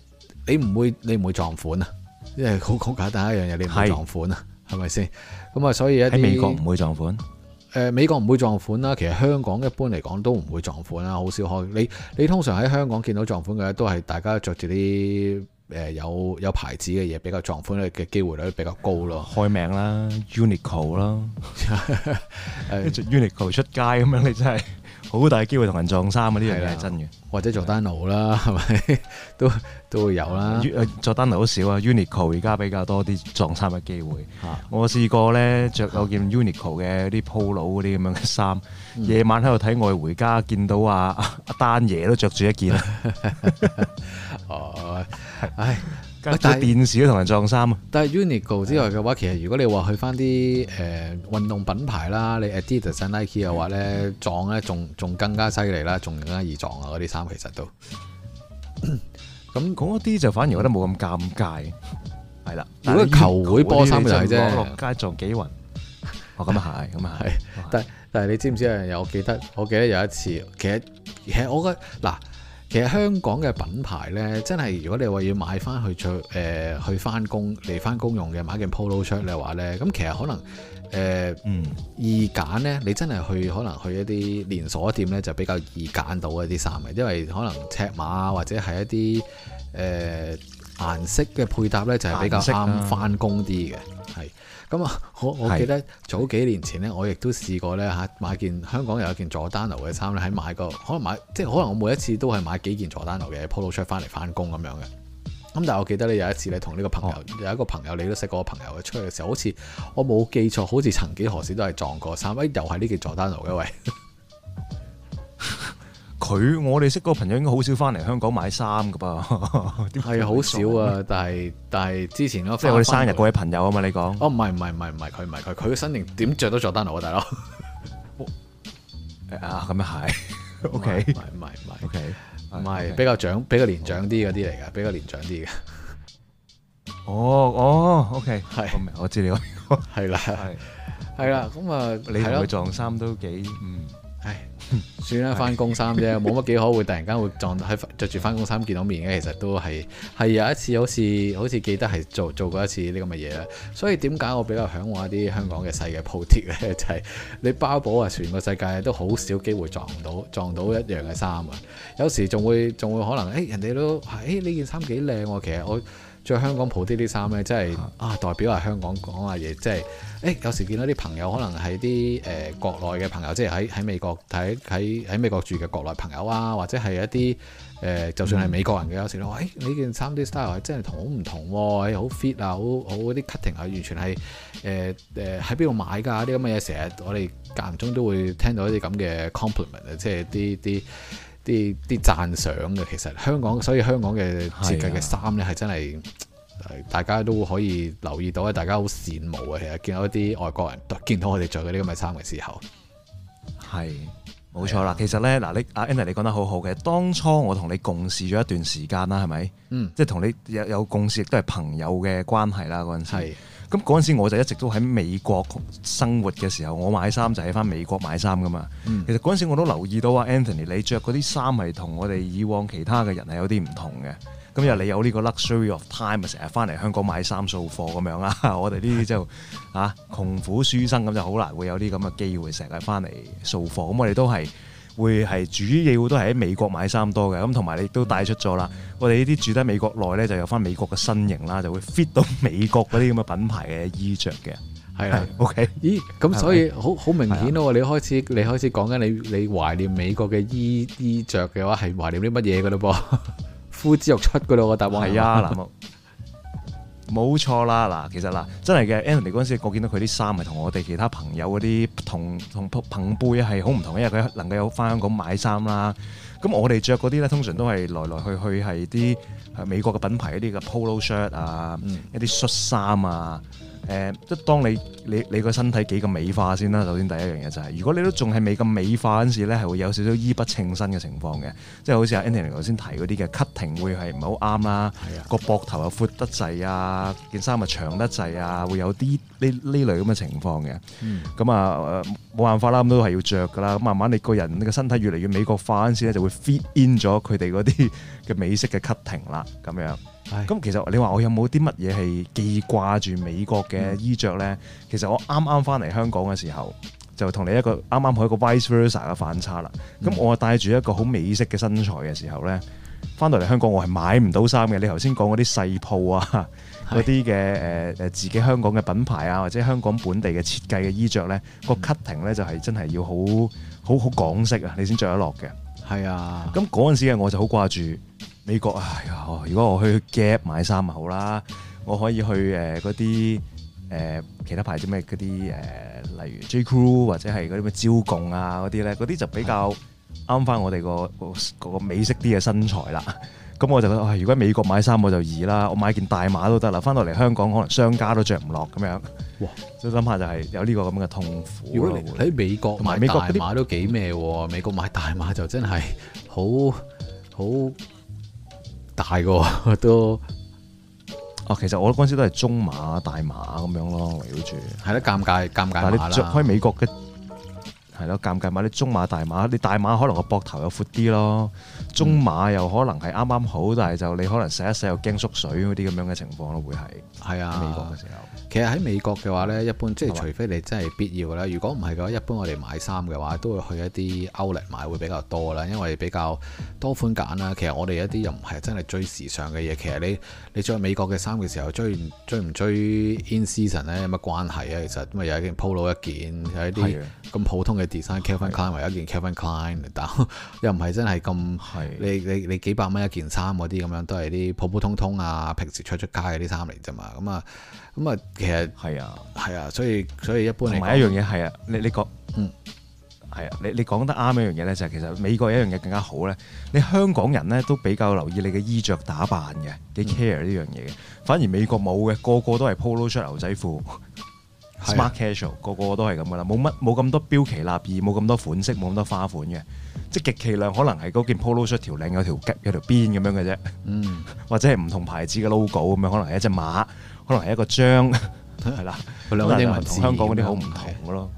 你唔會你唔會撞款啊，因為好簡單一樣嘢你唔會撞款啊，係咪先？咁啊、嗯，所以一啲喺美國唔會撞款。誒、呃、美國唔會撞款啦，其實香港一般嚟講都唔會撞款啦，好少可。你你，你通常喺香港見到撞款嘅都係大家着住啲。誒，有有牌子嘅嘢比較撞款嘅機會率比較高咯，開名啦，Uniqlo 啦，跟、 哎、Uniqlo 出街咁樣，你真係好大機會同人撞衫啊！啲嘢係真嘅，或者做 o 奴啦，係咪、啊、都都會有啦，做 o r 好少啊，Uniqlo 而家比較多啲撞衫嘅機會。啊、我試過咧着我件 Uniqlo 嘅啲、啊、Polo 嗰啲咁樣嘅衫。夜晚喺度睇《愛回家》，見到阿阿丹爺都着住一件。哦，唉，跟住電視都同人撞衫啊！但係 Uniqlo 之外嘅話，其實如果你話去翻啲誒運動品牌啦，你 Adidas、Nike 嘅話咧撞咧，仲仲更加犀利啦，仲更加易撞啊！嗰啲衫其實都咁嗰啲就反而覺得冇咁尷尬，係啦。但個球會波衫就係啫，落街撞幾雲。哦，咁啊係，咁啊但係。但係你知唔知啊？有樣嘢我記得，我記得有一次，其實其實我覺得嗱，其實香港嘅品牌咧，真係如果你話要買翻去出，誒、呃、去翻工嚟翻工用嘅買件 polo shirt 嘅話咧，咁其實可能誒嗯、呃、易揀咧，你真係去可能去一啲連鎖店咧就比較易揀到一啲衫嘅，因為可能尺碼或者係一啲誒、呃、顏色嘅配搭咧就係比較啱翻工啲嘅。咁啊，我是我記得早幾年前呢，我亦都試過呢，嚇買件香港有一件佐丹奴嘅衫咧，喺買個可能買即係可能我每一次都係買幾件佐丹奴嘅 polo 恤出翻嚟翻工咁樣嘅。咁但係我記得咧，有一次咧，同呢個朋友、哦、有一個朋友你都識嗰個朋友嘅，出去嘅時候，好似我冇記錯，好似曾幾何時都係撞過衫，哎又係呢件佐丹奴嘅位。喂 佢我哋識嗰個朋友應該好少翻嚟香港買衫噶噃，係好少啊！但係但係之前咧，即係佢生日嗰啲朋友啊嘛，你講哦唔係唔係唔係唔係佢唔係佢佢嘅身形點着都着得落啊大佬，誒啊咁樣係，OK，唔係唔係 OK，唔係比較長比較年長啲嗰啲嚟噶，比較年長啲嘅，哦哦，OK，係我知你係啦係係啦咁啊，你同佢撞衫都幾嗯。算啦，返工衫啫，冇乜幾可會突然間會撞喺着住返工衫見到面嘅，其實都係係有一次好似好似記得係做做過一次呢咁嘅嘢啦。所以點解我比較向往一啲香港嘅細嘅鋪貼呢？就係、是、你包保啊，全個世界都好少機會撞到撞到一樣嘅衫啊！有時仲會仲會可能誒、欸，人哋都誒呢件衫幾靚，其實我。著香港鋪啲啲衫咧，真係啊代表係香港講下嘢，即係誒有時見到啲朋友，可能係啲誒國內嘅朋友，即係喺喺美國睇喺喺美國住嘅國內朋友啊，或者係一啲誒、呃、就算係美國人嘅，有時咧，呢件衫啲 style 係真係同好唔同喎，好 fit 啊，好好啲 cutting 啊，cut，完全係誒誒喺邊度買㗎啲咁嘅嘢，成日我哋間中都會聽到一啲咁嘅 compliment 啊，即係啲啲。啲啲讚賞嘅其實香港，所以香港嘅設計嘅衫呢係真係係、啊、大家都可以留意到啊！大家好羨慕嘅，其實見到一啲外國人見到我哋着嘅呢啲咁嘅衫嘅時候，係。冇錯啦，啊、其實咧，嗱你阿 Annie 你 y 講得好好嘅，當初我同你共事咗一段時間啦，係咪？即係同你有有共事，亦都係朋友嘅關係啦，嗰陣時。咁嗰陣時，我就一直都喺美國生活嘅時候，我買衫就係翻美國買衫噶嘛。嗯、其實嗰陣時我都留意到啊，Annie，你着嗰啲衫係同我哋以往其他嘅人係有啲唔同嘅。咁因、嗯、你有呢個 luxury of time 咪成日翻嚟香港買衫掃貨咁樣啦，我哋呢啲就是、啊窮苦書生咁就好難會有啲咁嘅機會，成日翻嚟掃貨。咁、so、我哋都係會係主要都係喺美國買衫多嘅，咁同埋你都帶出咗啦。我哋呢啲住喺美國內咧，就有翻美國嘅身形啦，就會 fit 到美國嗰啲咁嘅品牌嘅衣着嘅。係啦，OK。咦，咁所以好的好明顯喎的！你開始你開始講緊你你懷念美國嘅衣衣着嘅話，係懷念啲乜嘢嘅嘞噃？ 呼之欲出噶咯，我答案係啊，嗱冇 錯啦，嗱其實嗱真係嘅，Anthony 嗰陣時我見到佢啲衫係同我哋其他朋友嗰啲同同朋輩係好唔同，因為佢能夠有翻香港買衫啦。咁我哋着嗰啲咧，通常都係來來去去係啲美國嘅品牌一啲嘅 Polo shirt 啊，嗯、一啲恤衫啊。誒，即係當你你你個身體幾咁美化先啦，首先第一樣嘢就係，如果你都仲係未咁美化嗰陣時咧，係會有少少衣不稱身嘅情況嘅，即係好似阿 Anthony 頭先提嗰啲嘅 cutting 會係唔係好啱啊？個膊頭啊、闊得滯啊，件衫啊、長得滯啊，會有啲呢呢類咁嘅情況嘅。咁啊、嗯，冇辦法啦，都係要着㗎啦。咁慢慢你個人你個身體越嚟越美國化嗰陣時咧，就會 fit in 咗佢哋嗰啲嘅美式嘅 cutting 啦，咁樣。咁唉其實你話我有冇啲乜嘢係記掛住美國嘅衣着咧？嗯、其實我啱啱翻嚟香港嘅時候，就同你一個啱啱好一個 vice versa 嘅反差啦。咁、嗯、我啊帶住一個好美式嘅身材嘅時候咧，翻到嚟香港我係買唔到衫嘅。你頭先講嗰啲細鋪啊，嗰啲嘅誒誒自己香港嘅品牌啊，或者香港本地嘅設計嘅衣着咧，嗯、個 cutting 咧就係真係要好好好港式啊，你先着得落嘅。係啊。咁嗰陣時嘅我就好掛住。美國啊，如果我去 gap 買衫好啦，我可以去誒嗰啲誒其他牌子咩嗰啲誒，例如 J.Crew 或者係嗰啲咩招共啊嗰啲咧，嗰啲就比較啱翻我哋個個美式啲嘅身材啦。咁我就覺得，如果美國買衫我就易啦，我買件大碼都得啦。翻到嚟香港可能商家都着唔落咁樣。哇，你諗下就係有呢個咁嘅痛苦。如果你喺美國買大碼都幾咩喎？美國買大碼就真係好好。好大個都，哦、啊，其實我嗰陣時都係中碼、大碼咁樣咯，圍繞住。係啦，尷尬，尷尬。但係、啊、你著開美國嘅。係咯，尷尬嘛，買啲中碼大碼，你大碼可能個膊頭又闊啲咯，中碼又可能係啱啱好，但係就你可能洗一洗又驚縮水嗰啲咁樣嘅情況咯，會係。係啊，美國嘅時候，啊、其實喺美國嘅話呢，一般即係除非你真係必要咧，如果唔係嘅話，一般我哋買衫嘅話，都會去一啲 Outlet 買會比較多啦，因為比較多款揀啦。其實我哋一啲又唔係真係追時尚嘅嘢，其實你你着美國嘅衫嘅時候，追追唔追 in season 咧有乜關係啊？其實咁又有一件 Polo 一件，有啲咁普通嘅。design Calvin Klein，或者件 Calvin Klein 嚟，但又唔係真係咁的。你你你幾百蚊一件衫嗰啲咁樣，都係啲普普通通啊，平時出出街嗰啲衫嚟啫嘛。咁啊，咁啊，其實係啊，係啊的，所以所以，所以一般嚟講，一樣嘢係啊。你你講，你嗯，係啊。你你講得啱一樣嘢咧，就係、是、其實美國有一樣嘢更加好咧。你香港人咧都比較留意你嘅衣着打扮嘅，幾 care 呢樣嘢嘅。反而美國冇嘅，個個都係 polo 恤，牛仔褲。smart casual 的個，個個都係咁噶啦，冇乜冇咁多標奇立異，冇咁多款式，冇咁多花款嘅，即係極其量可能係嗰件 polo shirt 條領有條有條邊咁樣嘅啫，嗯，或者係唔同牌子嘅 logo 咁樣，可能係一隻馬，可能係一個章，係啦、嗯，佢兩樣嘢唔同香港嗰啲好唔同嘅咯，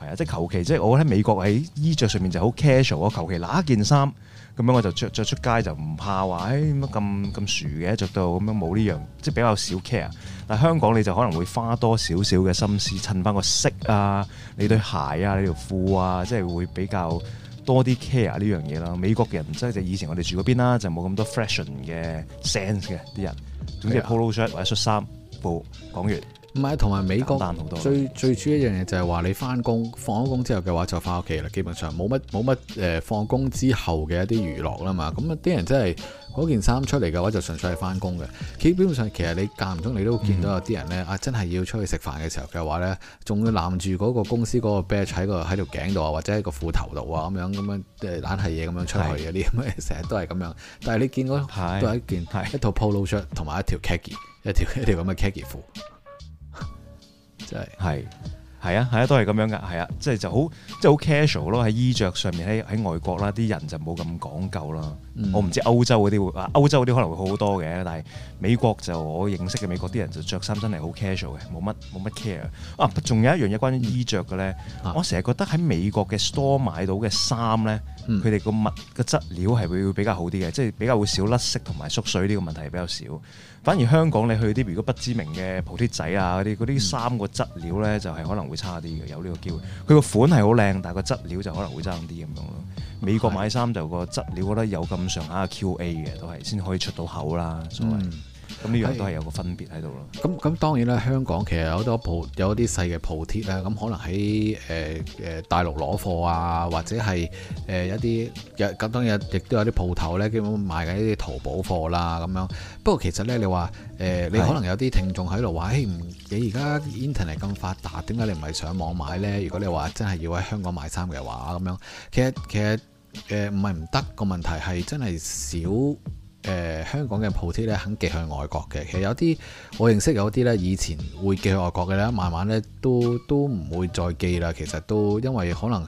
係啊、嗯，即係求其即係我喺美國喺衣着上面就好 casual，我求其拿一件衫咁樣我就着著出街就唔怕話，誒乜咁咁薯嘅着到咁樣冇呢樣，即係比較少 care。但香港你就可能會花多少少嘅心思襯返個色啊，你對鞋啊，你條褲啊，即係會比較多啲 care 呢樣嘢咯。美國嘅人即係以前我哋住嗰邊啦，就冇咁多 fashion 嘅 sense 嘅啲人。總之 polo shirt 或者恤衫布講完。唔係同埋美國好多最主要一樣嘢就係話你返工，放咗工之後嘅話就返屋企啦，基本上冇乜冇乜誒放工之後嘅一啲娛樂啦嘛。咁啊啲人真係～嗰件衫出嚟嘅話就純粹係翻工嘅，基本上其實你間唔中你都見到有啲人呢，mm hmm. 啊真係要出去食飯嘅時候嘅話呢，仲要攬住嗰個公司嗰個 badge 喺個喺條頸度啊，或者喺個褲頭度啊，咁樣咁樣即係攬係嘢咁樣出去嗰啲咁嘅，成日是都係咁樣。但係你見到是都係一件是一套 polo shirt 同埋一條 kaki 一條一條咁嘅 kaki 褲， 真係的。係啊，係啊，都係咁樣噶，係啊，即係就好，即係好 casual 咯。喺衣着上面，喺喺外國啦，啲人就冇咁講究啦。嗯、我唔知歐洲嗰啲會，歐洲嗰啲可能會好好多嘅，但係美國就我認識嘅美國啲人就着衫真係好 casual 嘅，冇乜冇乜 care。啊，仲有一樣嘢關於衣着嘅咧，嗯、我成日覺得喺美國嘅 store 買到嘅衫咧。佢哋個物個質料係會比較好啲嘅，即係比較會少甩色同埋縮水，呢個問題比較少。反而香港你去啲如果不知名嘅莆田仔啊嗰啲，嗰啲衫個質料咧就係可能會差啲嘅，有呢個機會。佢個款係好靚，但係個質料就可能會差啲咁樣咯。美國買衫就個質料覺得有咁上下嘅 QA 嘅，都係先可以出到口啦，所謂。嗯咁呢樣都係有個分別喺度咯。咁咁當然啦，香港其實有好多鋪，有一啲細嘅鋪貼咧，咁可能喺誒誒大陸攞貨啊，或者係誒一啲咁當然亦都有啲鋪頭咧，基本賣緊啲淘寶貨啦咁樣。不過其實咧，你話誒、呃，你可能有啲聽眾喺度話，誒唔的、哎，你而家 Internet 咁發達，點解你唔係上網買咧？如果你話真係要喺香港買衫嘅話咁樣，其實其實誒唔係唔得，個、呃、問題係真係少。誒、呃、香港嘅鋪貼咧，肯寄去外國嘅。其實有啲我認識有啲咧，以前會寄去外國嘅咧，慢慢咧都都唔會再寄啦。其實都因為可能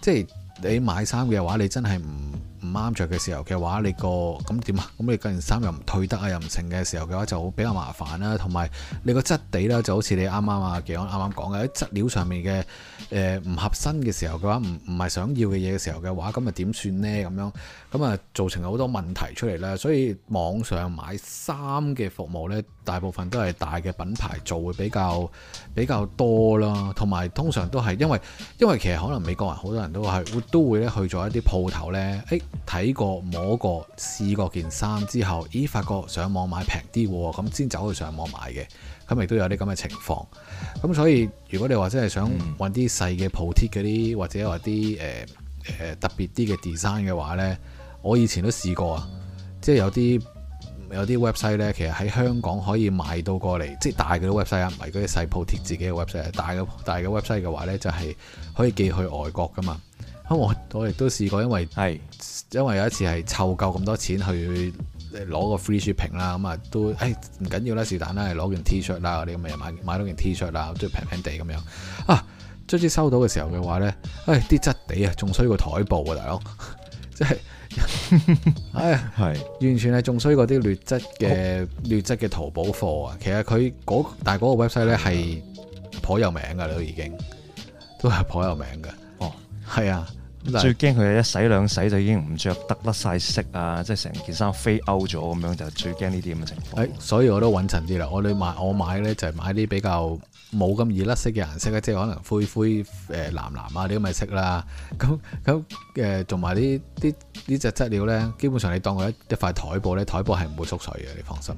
即係你買衫嘅話，你真係唔唔啱着嘅時候嘅話，你個咁點啊？咁你嗰件衫又唔退得啊，又唔成嘅時候嘅話，就好比較麻煩啦。同埋你個質地咧，就好似你啱啱啊傑安啱啱講嘅喺質料上面嘅誒唔合身嘅時候嘅話，唔唔係想要嘅嘢嘅時候嘅話，咁啊點算呢？咁樣。咁啊，造成好多問題出嚟啦。所以網上買衫嘅服、服務呢，大部分都係大嘅品牌做會比較比較多啦，同埋通常都係因為，因為其實可能美國人好多人都係都會咧去咗一啲鋪頭呢，誒、哎、睇過摸過試過件衫之後咦發覺上網買平啲喎，咁先走去上網買嘅，咁亦都有啲咁嘅情況。咁所以如果你話真係想搵啲細嘅鋪貼嗰啲，嗯、或者話啲誒誒特別啲嘅 design 嘅話呢。我以前都試過啊，即係有啲有啲 website 咧，其實喺香港可以買到過嚟，即係大嘅 website 啊，唔係嗰啲細鋪貼自己嘅 website。大嘅大嘅 website 嘅話咧，就係、是、可以寄去外國噶嘛。咁我我亦都試過，因為係是因為有一次係湊夠咁多錢去攞個 free shipping 啦，咁啊都誒唔緊要啦，是但啦，係攞件 T-shirt 啦嗰啲咁啊，又買買多件 T-shirt 啦，都平平地咁樣啊。最尾收到嘅時候嘅話咧，誒啲質地啊，仲衰過台布啊，大佬即係。唉，係完全係仲衰過啲劣質嘅劣質嘅淘寶貨啊！哦、其實佢嗰、嗰個，但係嗰個 website 咧係頗有名噶，你都已經都係頗有名嘅。哦，係啊，是最驚佢一洗兩洗就已經唔着得甩晒色啊！即係成件衫 fade out 咗咁樣，就最驚呢啲咁嘅情況。誒、哎，所以我都穩陣啲啦，我哋買我買咧就係買啲比較。冇咁易甩色嘅顏色咧，即係可能灰灰、誒藍藍啊啲咁嘅色啦。咁咁誒，同埋啲啲呢隻質料呢，基本上你當佢一一塊台布咧，台布係唔會縮水嘅，你放心。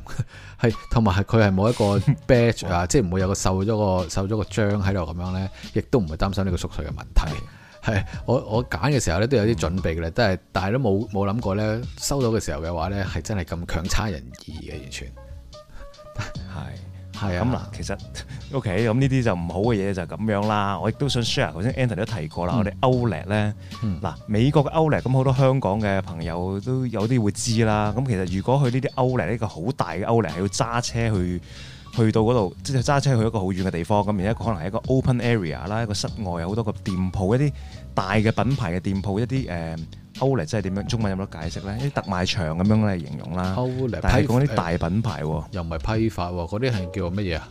係同埋佢係冇一個 badge 啊，即係唔會有個受咗個受咗個漿喺度咁樣呢，亦都唔會擔心呢個縮水嘅問題。係我我揀嘅時候咧都有啲準備嘅咧，都係但係都冇冇諗過呢，收到嘅時候嘅話呢，係真係咁強差人意嘅完全係。係是啊、嗯，咁、嗯、嗱，其實 OK，咁呢啲就唔好嘅嘢就咁樣啦。我亦都想 share，頭先 Anthony 都提過啦。我哋 Outlet 咧，嗱美國嘅 Outlet，咁好多香港嘅朋友都有啲會知啦。咁其實如果去呢啲 Outlet，呢個好大嘅 Outlet 係要揸車去去到嗰度，即係揸車去一個好遠嘅地方。咁而家可能係一個 open area 啦，一個室外有好多個店鋪，一啲大嘅品牌嘅店鋪，一啲誒。呃 Outlet 即係點樣？中文有冇得解釋咧？啲特賣場咁樣嚟形容啦，Outlet，但係講啲大品牌喎、呃，又唔係批發喎，嗰啲係叫乜嘢啊？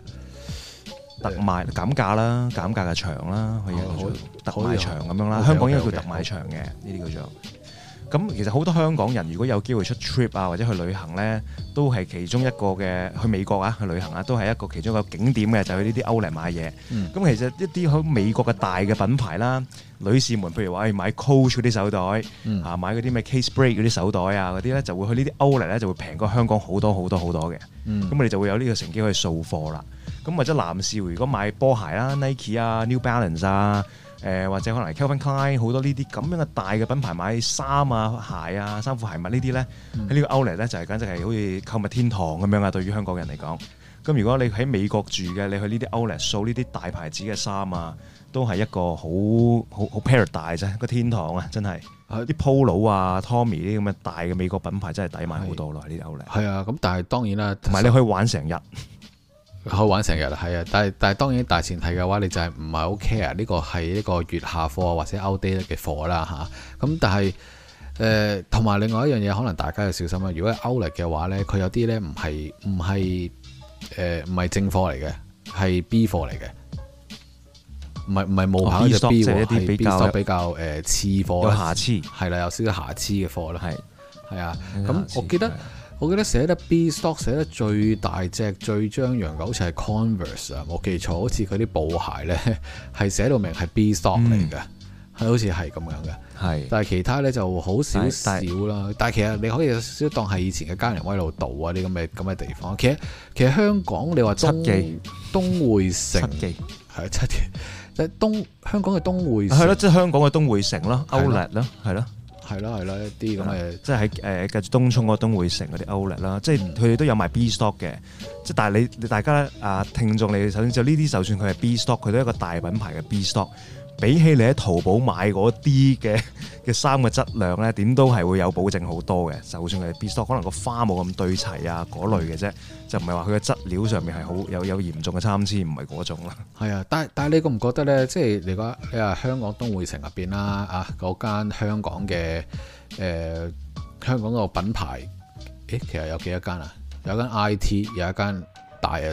呃、特賣減價啦，減價嘅場啦，可以叫做特賣場咁樣啦。香港應該叫特賣場嘅，呢啲、okay, okay，叫做。咁其實好多香港人，如果有機會出 trip 啊，或者去旅行咧，都係其中一個嘅去美國啊去旅行啊，都係一個其中一個景點嘅，就係、去呢啲歐嚟買嘢。咁、嗯、其實一啲喺美國嘅大嘅品牌啦，女士們譬如話要買 Coach 嗰啲手袋，嗯、啊買嗰啲咩 Case Break 嗰啲手袋啊嗰啲咧，就會去呢啲歐嚟咧就會平過香港好多好多好多嘅。咁我哋就會有呢個乘機去掃貨啦。咁或者男士如果買波鞋啦 Nike 啊 New Balance 啊。誒，或者可能 Calvin Klein 好多呢啲咁樣嘅大嘅品牌，買衫啊、鞋啊、衫褲鞋襪呢啲咧，喺呢個 Outlet 咧就係簡直係好似購物天堂咁樣啊！對於香港人嚟講，咁如果你喺美國住嘅，你去呢啲 Outlet 掃呢啲大牌子嘅衫啊，都係一個好好好 paradise 啫，個天堂啊！真係啲 Polo 啊、啊 Tommy 啲咁嘅大嘅美國品牌真係抵買好多咯！呢啲 Outlet 係啊，咁是、啊、但係當然啦，同埋你可以玩成日。 可以玩成日，係啊，但係但係當然大前提嘅話，你就係唔係 ok 啊？呢、這個係一個月下貨或者 outdate 嘅貨啦，吓、嗯、咁但係誒，同、呃、埋另外一樣嘢，可能大家要小心啦。如果 outlet 嘅話咧，佢有啲咧唔係唔係誒唔係正貨嚟嘅，係 B 貨嚟嘅，唔係唔係冒牌嘅 B 貨，係 B 貨比較誒、呃、次貨啦，瑕疵係啦，有少少瑕疵嘅貨啦，係係啊，咁、嗯、次我記得。我記得寫得 Bstock 寫得最大隻最張揚嘅，好似係 Converse 啊，冇記錯，好似佢啲布鞋咧係寫到明係 Bstock 嚟嘅、嗯，好似係咁樣嘅。係是，但係其他咧就好少少啦。但係是其實你可以有少，少當係以前嘅加連威老道啊啲咁嘅咁嘅地方。其實其實香港你話七機幾東，東薈城七機係七嘅，東香港嘅東薈係咯，即係香港嘅東薈城啦 Outlet 啦，係咯。係咯係咯，一啲咁嘅，的即係喺誒，跟、呃、住東湧嗰東匯城嗰啲 outlet 啦，即係佢哋都有埋 B stock 嘅，即係、嗯、但係你,你大家啊聽眾，你首先就呢啲，就算佢係 B stock，佢都係一個大品牌嘅 B stock。比起你喺淘寶買嗰啲嘅嘅衫嘅質量咧，點都係會有保證好多嘅。就算係必勝，可能個花冇咁對齊啊嗰類嘅啫，就唔係話佢嘅質料上面係好有有嚴重嘅參差，唔係嗰種啦。係啊，但係但係你覺唔覺得咧？即係你話你話香港東薈城入邊啦，啊嗰間香港嘅誒、呃、香港個品牌，誒、欸、其實有幾多間啊？有間 IT，有一間。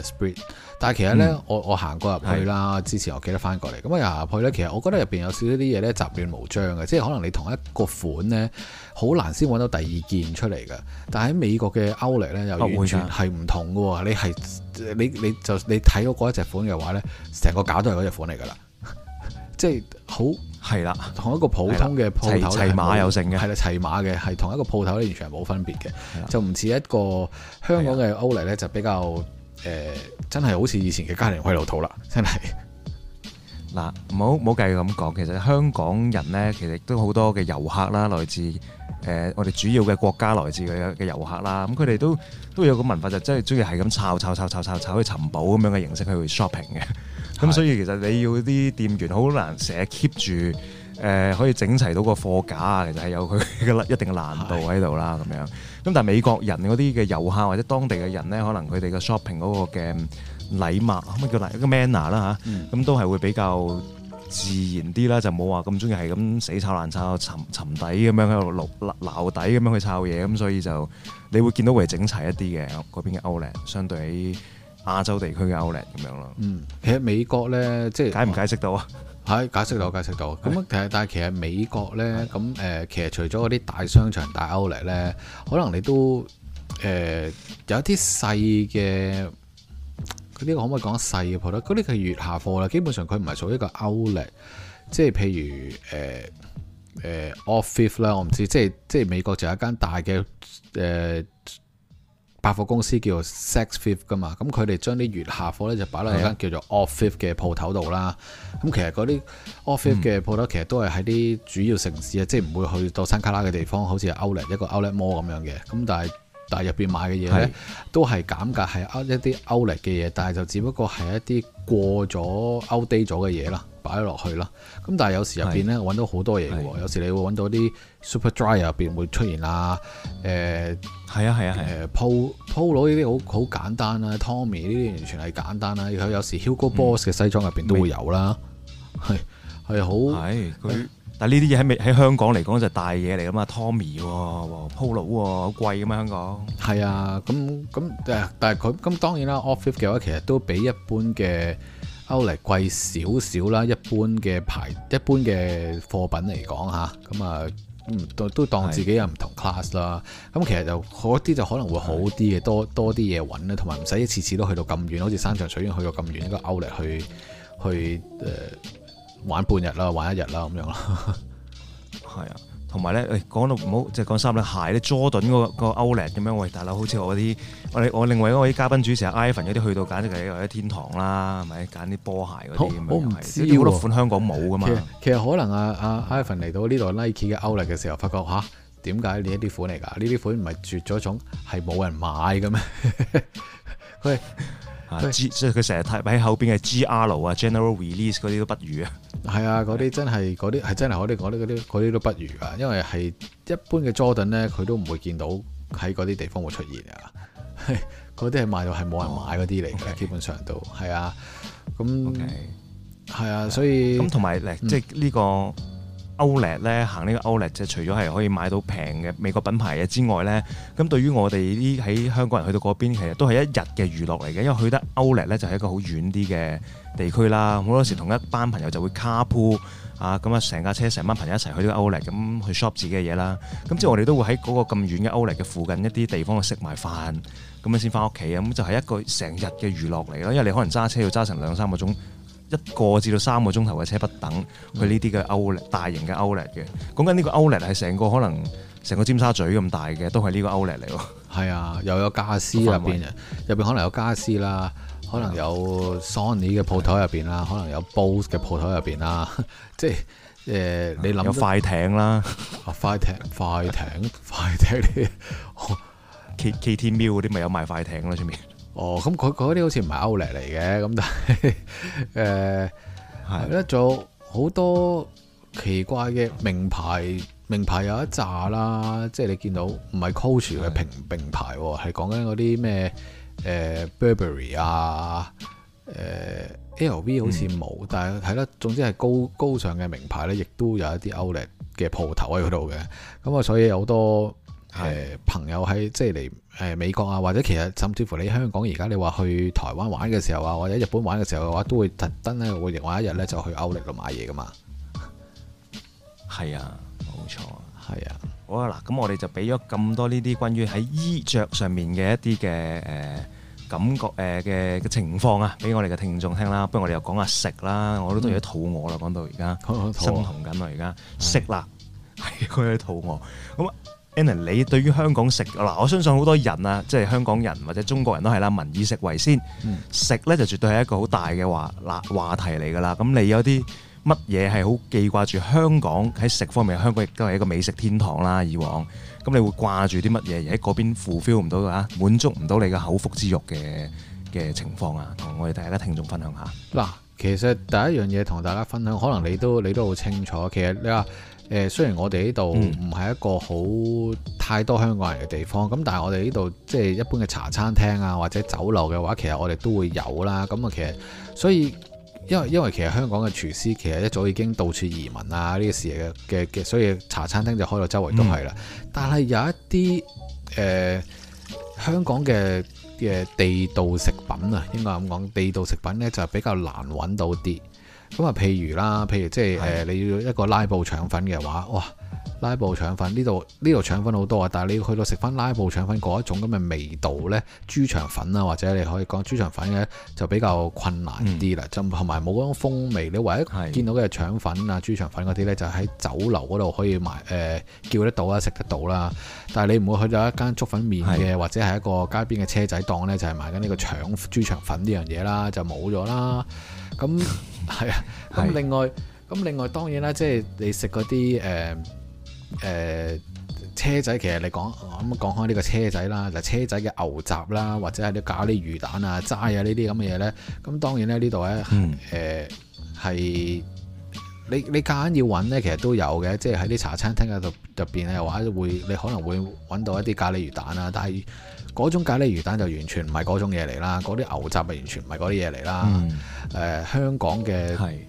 spread 但係其實咧、嗯，我我行過入去啦，是的 之前我記得翻過嚟，咁啊入去咧，其實我覺得入邊有少少啲嘢咧雜亂無章嘅，即係可能你同一個款咧，好難先揾到第二件出嚟嘅。但係喺美國嘅 outlet 咧，又完全係唔同嘅喎，你係你就你就你睇到嗰一隻款嘅話咧，成個架都係嗰隻款嚟噶啦， 即係好係啦，的同一個普通嘅鋪頭齊碼有剩嘅，係啦，齊碼嘅係同一個鋪頭，完全係冇分別嘅，的就唔似一個香港嘅 outlet 咧，就比較。誒，真係好似以前嘅家庭快老土啦，真係。嗱，唔好唔好計咁講，其實香港人咧，其實都好多嘅遊客啦，來自誒、呃、我哋主要嘅國家，來自嘅嘅遊客啦，咁佢哋都都有個文化，就真係中意係咁抄抄抄抄抄去尋寶咁樣嘅形式去 shopping 嘅。咁是的 所以其實你要啲店員好難成日 keep 住，誒、呃、可以整齊到個貨架啊，其實係有佢一定嘅難度喺度啦，咁樣是的。咁但係美國人嗰啲嘅遊客或者當地嘅人咧，可能佢哋嘅 shopping 嗰個嘅禮物，可唔可以叫一個 manner 啦嚇、嗯，咁、啊、都係會比較自然啲啦，就冇話咁中意係咁死炒爛炒，沉沉底咁樣喺度撈底咁樣去抄嘢，咁、嗯、所以就你會見到係整齊一啲嘅嗰邊嘅 Outlet 相對喺亞洲地區嘅 Outlet 咁樣咯。嗯，其實美國咧，即係解唔解釋到啊？哦係、嗯、解釋到，解釋到。咁、嗯、但係其實美國咧，咁誒、呃、其實除咗嗰啲大商場大 Outlet 咧，可能你都誒、呃、有啲細嘅，佢呢個可唔可以講細嘅鋪頭？嗰啲係月下貨啦，基本上佢唔係屬於一個 Outlet，即係譬如誒誒、呃呃、Office 啦，我唔知，即係即係美國就有一間大嘅誒。呃百貨公司叫做 Saks Fifth 噶嘛，咁佢哋將啲月下貨咧就擺落間叫做 Off Fifth 嘅鋪頭度啦。咁的其實嗰啲 Off Fifth 嘅鋪頭其實都係喺啲主要城市啊，嗯、即係唔會去到山卡拉嘅地方，好似 outlet 一個 outlet mall 咁樣嘅。咁但係。入邊買嘅嘢咧，都係減價，係呃一啲 outlet 嘅嘢，但係就只不過係一啲過咗 outdate 咗嘅嘢啦，擺落去啦。咁但係有時入邊咧揾到好多嘢嘅喎，有時你會揾到啲 Superdry 入邊會出現啊，誒係啊係啊誒鋪鋪攞呢啲好好簡單啊，Tommy 呢啲完全係簡單啊，然後有時 Hugo Boss 嘅西裝入邊都會有啦，係係好係。呢啲嘢喺喺香港嚟講就大嘢嚟㗎嘛，Tommy 喎，Polo 喎，好貴㗎嘛香港嘛。係啊，咁咁誒，但係佢咁當然啦 office 嘅話其實都比一般嘅歐力貴少少啦。一般嘅牌、一般嘅貨品嚟講吓。咁啊，都、嗯嗯、都當自己有唔同 class 啦。咁其實就嗰啲就可能會好啲嘅是的，多多啲嘢揾啦，同埋唔使一次次都去到咁遠，好似山長水遠去到咁遠一個歐力去去誒。呃玩半日啦，玩一日啦咁樣咯。係 啊，同埋咧，誒、哎，講到唔好，即係講三對鞋咧，Jordan 嗰個、那個歐力咁樣。喂，大佬，好似我啲我我另外嗰位嘉賓主持阿 Ivan 啲去到，簡直係喺天堂啦，係咪揀啲波鞋嗰啲咁樣，有好、啊、多款香港冇噶嘛其。其實可能啊、嗯、啊 Ivan 嚟到呢度 Nike 嘅歐力嘅時候，發覺吓，點解呢啲款嚟㗎？呢啲款唔係絕咗種，係冇人買嘅咩？佢。 即係佢成日睇喺後邊嘅 GR 路啊，General Release 嗰啲都不如啊。係啊，嗰啲真係嗰啲係真係我哋啲嗰啲嗰啲都不如啊。因為係一般嘅 Jordan 咧，佢都唔會見到喺嗰啲地方會出現啊。嗰啲係賣到係冇人買嗰啲嚟嘅，oh, okay. 基本上都係啊。咁，係 Okay. 啊，所以咁同埋咧，嗯、即係、這、呢個。歐力咧行呢個歐力，即除咗係可以買到平嘅美國品牌嘅之外咧，咁對於我哋啲喺香港人去到嗰邊，其實都係一日嘅娛樂嚟嘅。因為去得歐力咧就係一個好遠啲嘅地區啦，好多時同一班朋友就會卡 a 啊，咁啊成架車成班朋友一齊去呢個歐力咁去 shop 自己嘅嘢啦。咁即後我哋都會喺嗰個咁遠嘅歐力嘅附近一啲地方食埋飯，咁樣先翻屋企啊。咁就係一個成日嘅娛樂嚟嘅咯，因為你可能揸車要揸成兩三個鐘。一個至到三個鐘頭嘅車不等，佢呢啲嘅 outlet，大型嘅 outlet 嘅，講緊呢個 outlet 係成個可能成個尖沙咀咁大嘅，都係呢個 outlet 嚟喎。係啊，又有傢俬入邊，入邊可能有傢俬啦，可能有 Sony 嘅鋪頭入邊啦，的可能有 Bose、 呃、Bose 嘅鋪頭入邊啦，即係誒你諗有快艇啦， 啊、快艇快艇快艇啲 K, K T M 嗰啲咪有賣快艇啦出面。哦，咁佢嗰啲好似唔係 Outlet 嚟嘅，咁但係誒係咧，仲、呃、的有好多奇怪嘅名牌名牌有一紮啦，即係你見到唔係 Coach 嘅平名牌，係講緊嗰啲咩誒 Burberry 啊，誒、呃、LV 好似冇，嗯、但係係啦，總之係高高尚嘅名牌咧，亦都有一啲 Outlet 嘅鋪頭喺嗰度嘅，咁、嗯、啊所以好多。誒朋友喺即係嚟誒美國啊，或者其實甚至乎你香港而家你話去台灣玩嘅時候啊，或者日本玩嘅時候嘅話，都會特登咧會另外一日咧就去歐力度買嘢噶嘛。係啊，冇錯，係啊。好啊，嗱，咁我哋就俾咗咁多呢啲關於喺衣着上面嘅一啲嘅誒感覺誒嘅嘅情況啊，俾我哋嘅聽眾聽啦。不如我哋又講下食啦，我都都有啲肚餓啦，講到而家生酮緊啦，而家食啦，係佢有肚餓，咁吃了 你對於香港食嗱，我相信好多人啊，即係香港人或者中國人都係啦，民以食為先。嗯、食呢就絕對係一個好大嘅話嗱話題嚟㗎啦。咁你有啲乜嘢係好記掛住香港喺食方面？香港亦都係一個美食天堂啦。以往咁，你會掛住啲乜嘢而喺嗰邊 feel 唔到㗎？滿足唔到你嘅口腹之欲嘅嘅情況啊？同我哋大家聽眾分享下。嗱，其實第一樣嘢同大家分享，可能你都你都好清楚。其實你話。誒，雖然我哋呢度唔係一個好太多香港人嘅地方，咁、嗯、但係我哋呢度即係一般嘅茶餐廳啊，或者酒樓嘅話，其實我哋都會有啦。咁、嗯、啊，其實所以因為因為其實香港嘅廚師其實一早已經到處移民啊，呢個事嘅嘅嘅，所以茶餐廳就開到周圍都係啦。嗯、但係有一啲誒、呃、香港嘅嘅地道食品啊，應該咁講，地道食品呢就比較難揾到啲。咁啊，譬如啦、即係，譬如即係誒，你要一個拉布腸粉嘅話，哇，拉布腸粉呢度呢度腸粉好多啊，但係你要去到食翻拉布腸粉嗰一種咁嘅味道呢，豬腸粉啊，或者你可以講豬腸粉嘅就比較困難啲啦，嗯、就同埋冇嗰種風味。你唯一見到嘅腸粉啊、是的 豬腸粉嗰啲呢，就喺酒樓嗰度可以買誒、呃、叫得到啦、食得到啦，但係你唔會去到一間粥粉麵嘅，是的 或者係一個街邊嘅車仔檔呢，就係買緊呢個腸豬腸粉呢樣嘢啦，就冇咗啦，咁。 係啊，咁另外，咁的另外，當然啦，即係你食嗰啲誒誒車仔，其實你講，我咁講開呢個車仔啦，嗱、就係、車仔嘅牛雜啦，或者係啲咖喱魚蛋啊、齋啊呢啲咁嘅嘢咧，咁當然咧呢度咧誒係你你夾硬要揾咧，其實都有嘅，即係喺啲茶餐廳嘅度入邊咧，或者會你可能會揾到一啲咖喱魚蛋啊，但係。嗰種咖喱魚蛋就完全唔係嗰種嘢嚟啦，嗰啲牛雜咪完全唔係嗰啲嘢嚟啦。誒、嗯呃，香港嘅嘅是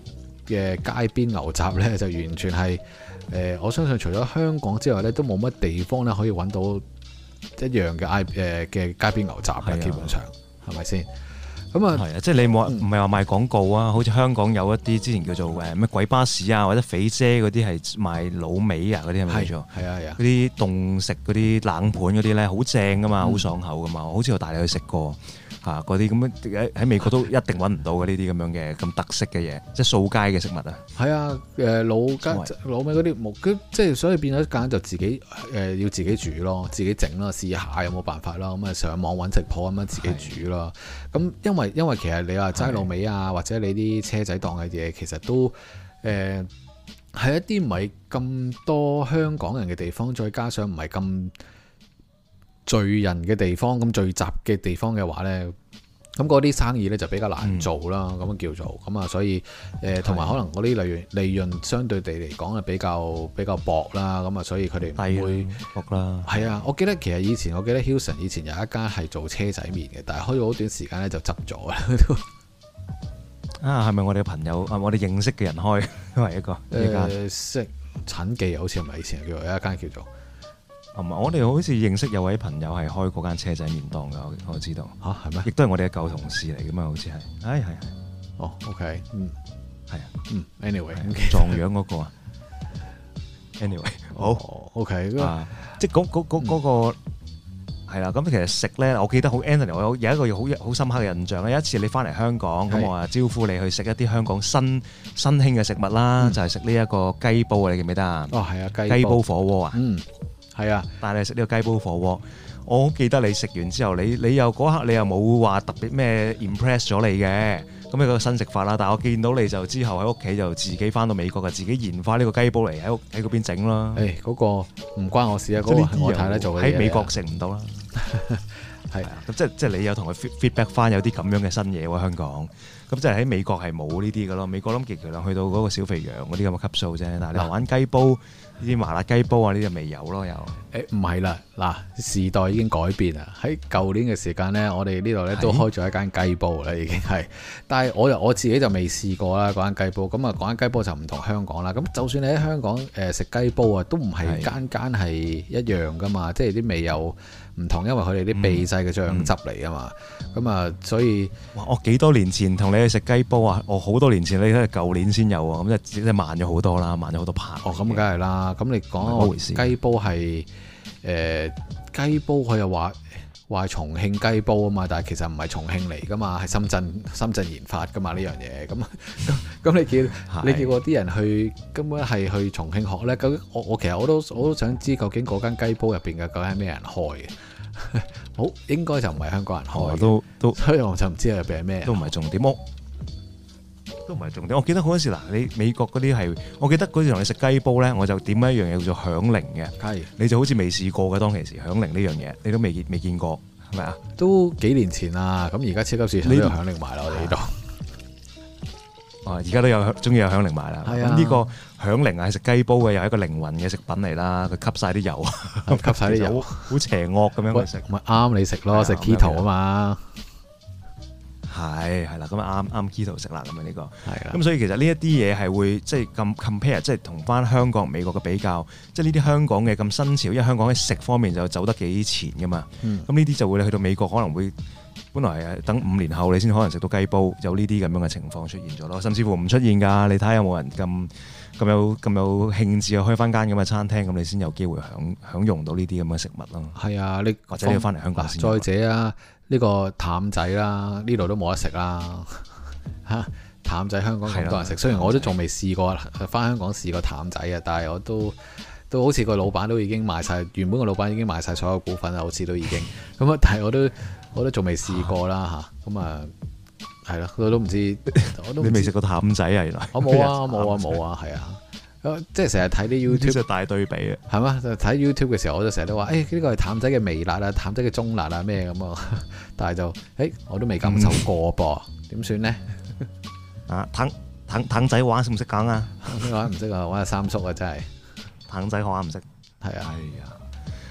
的 街邊牛雜呢，就完全係誒、呃，我相信除咗香港之外呢，都冇乜地方呢可以揾到一樣嘅嗌誒嘅街邊牛雜嘅，是的 基本上係咪先？是的 吧係啊那，即係你冇，唔係話賣廣告啊。嗯、好似香港有一啲之前叫做誒咩鬼巴士啊，或者肥姐嗰啲係賣滷味啊嗰啲係咪？係啊係啊，嗰啲凍食嗰啲冷盤嗰啲咧，好正㗎嘛，好爽口㗎嘛，嗯、好似我帶你去食過。嚇！啲咁樣喺美國都一定揾唔到嘅呢啲咁樣嘅咁特色嘅嘢，即係掃街嘅食物啊！係、呃、啊，誒老街老味嗰啲冇，即係所以變咗，簡單就自己誒要自己煮咯，自己整咯，試下有冇辦法咯。咁啊，上網揾食譜咁樣自己煮啦。咁是的 因為因為其實你話齋老味啊，或者你啲車仔檔嘅嘢，其實都誒係、呃、一啲唔係咁多香港人嘅地方，再加上唔係咁。聚人嘅地方，咁聚集嘅地方嘅話呢，咁嗰啲生意呢就比較難做啦。咁、嗯、叫做，咁、嗯、啊，所以誒，同、呃、埋可能嗰啲利潤，的利潤相對地嚟講啊，比較比較薄啦。咁、嗯、啊，所以佢哋唔會啦。係啊，我記得其實以前，我記得 Hilton 以前有一間係做車仔麵嘅，但係開咗好短時間呢就執咗啦。啊，係咪我哋朋友啊？我哋認識嘅人開因為一個誒，食陳記啊，好似唔係以前叫做有一間叫做。唔係，我哋好似認識有位朋友係開嗰間車仔麵檔嘅，我我知道嚇係咩？亦都係我哋嘅舊同事嚟嘅嘛，好似係，唉係係，哦，OK，嗯，係啊，嗯，anyway，撞樣嗰個啊，anyway，好，OK 啊，即係嗰嗰嗰嗰個係啦。咁其實食咧，我記得 Anthony 我有一個好好深刻嘅印象咧。有一次你翻嚟香港，咁我啊招呼你去食一啲香港新新興嘅食物啦，就係食呢一個雞煲啊，你記唔記得啊？哦，係啊，雞煲火鍋啊，嗯。係啊，但係你食呢個雞煲火鍋，我好記得你食完之後，你你又嗰刻你又冇話特別咩 impress 咗你嘅，咁呢個新食法啦。但係我見到你就之後喺屋企就自己翻到美國就自己研發呢個雞煲嚟喺喺嗰邊整囉。誒，嗰、哎嗰個唔關我事啊，嗰啲喺美國食唔到啦。係 啊，咁、 啊、即係、啊、即係、啊、你有同佢 feedback 翻有啲咁樣嘅新嘢喎、啊、香港。咁即係喺美國係冇呢啲嘅咯。美國諗極其量去到嗰個小肥羊嗰啲咁嘅級數啫。但你，玩雞煲。嗯嗯。啲麻辣雞煲啊，呢啲未有咯，又，誒唔係啦。嗱，時代已經改變啦。喺舊年嘅時間呢，我哋呢度咧都開咗一間雞煲啦，已經係。但係我我自己就未試過啦嗰間雞煲。咁啊，講緊雞煲就唔同香港啦。咁就算你喺香港誒食雞煲啊，都唔係間間係一樣噶嘛，是即係啲味又唔同，因為佢哋啲秘製嘅醬汁嚟啊嘛。咁啊、嗯，嗯、所以我幾多年前同你去食雞煲啊，我好多年前你都係舊年先有啊，咁即係即慢咗好多啦，慢咗好多拍。哦，咁梗係啦。咁你講下回事。雞煲係。誒、嗯、雞煲佢又話話係重慶雞煲啊嘛，但係其實唔係重慶嚟噶嘛，係深圳深圳研發噶嘛呢樣嘢。咁 咁你見 你見過啲人去根本係去重慶學呢？究竟我我其實我都我都想知究竟嗰間雞煲入邊嘅究竟係咩人開嘅？ 好應該就唔係香港人開都。都都所以我就唔知入邊係咩。都唔係重點，哦。都唔係重點，我記得嗰陣時嗱，你美國嗰啲係，我記得嗰時同你食雞煲咧，我就點一樣嘢叫做響鈴嘅。係，你就好似未試過嘅當其時，響鈴呢樣嘢，你都未未見過，係咪啊？都幾年前啦，咁而家超級市場都有響鈴賣啦，我哋呢度。啊，而家都有中意有響鈴賣啦。係啊，呢個響鈴啊，係食雞煲嘅又係一個靈魂嘅食品嚟啦，佢吸晒啲油，吸晒啲油，好邪惡咁樣去食。咪啱你食咯，食 keto 啊嘛。係係啦，咁啱啱 key 到食啦，咁樣呢、呢個，係啦的。咁、嗯、所以其實呢一啲嘢係會即係咁 compare，即係同翻香港美國嘅比較，即係呢啲香港嘅咁新潮，因為香港喺食方面就走得幾前㗎嘛。咁呢啲就會去到美國可能會，本來係等五年後你先可能食到雞煲，有呢啲咁樣嘅情況出現咗咯。甚至乎唔出現㗎，你睇下有冇人咁咁有咁有興致去開翻間咁嘅餐廳，咁你先有機會享享用到呢啲咁嘅食物咯。係啊，或者你翻嚟香港先。再者啊。呢、這個譚仔啦，呢度都冇得食啦嚇！譚仔，哈哈譚仔香港咁多人食，啦雖然我都仲未試過啦，翻香港試過譚仔啊，但係我都都好似個老闆都已經賣晒。原本個老闆已經賣晒所有股份啊，好似都已經咁啊，但係我都我都仲未試過啦吓，咁啊係啦，我都唔知，你未食過譚仔啊原來？我冇啊冇啊冇啊，係啊！啊啊啊啊啊啊啊即係成日睇啲 YouTube，大對比啊，係嘛？就睇 YouTube 嘅時候，我就成日都話，誒呢個係譚仔嘅微辣啊，譚仔嘅中辣啊，咩咁啊？但係就，誒、欸、我都未感受過噃，點、嗯、算呢？啊，譚譚譚仔玩識唔識講啊？呢個玩唔識啊， 我玩阿三叔啊，真係譚仔玩唔識，係啊，係啊、哎。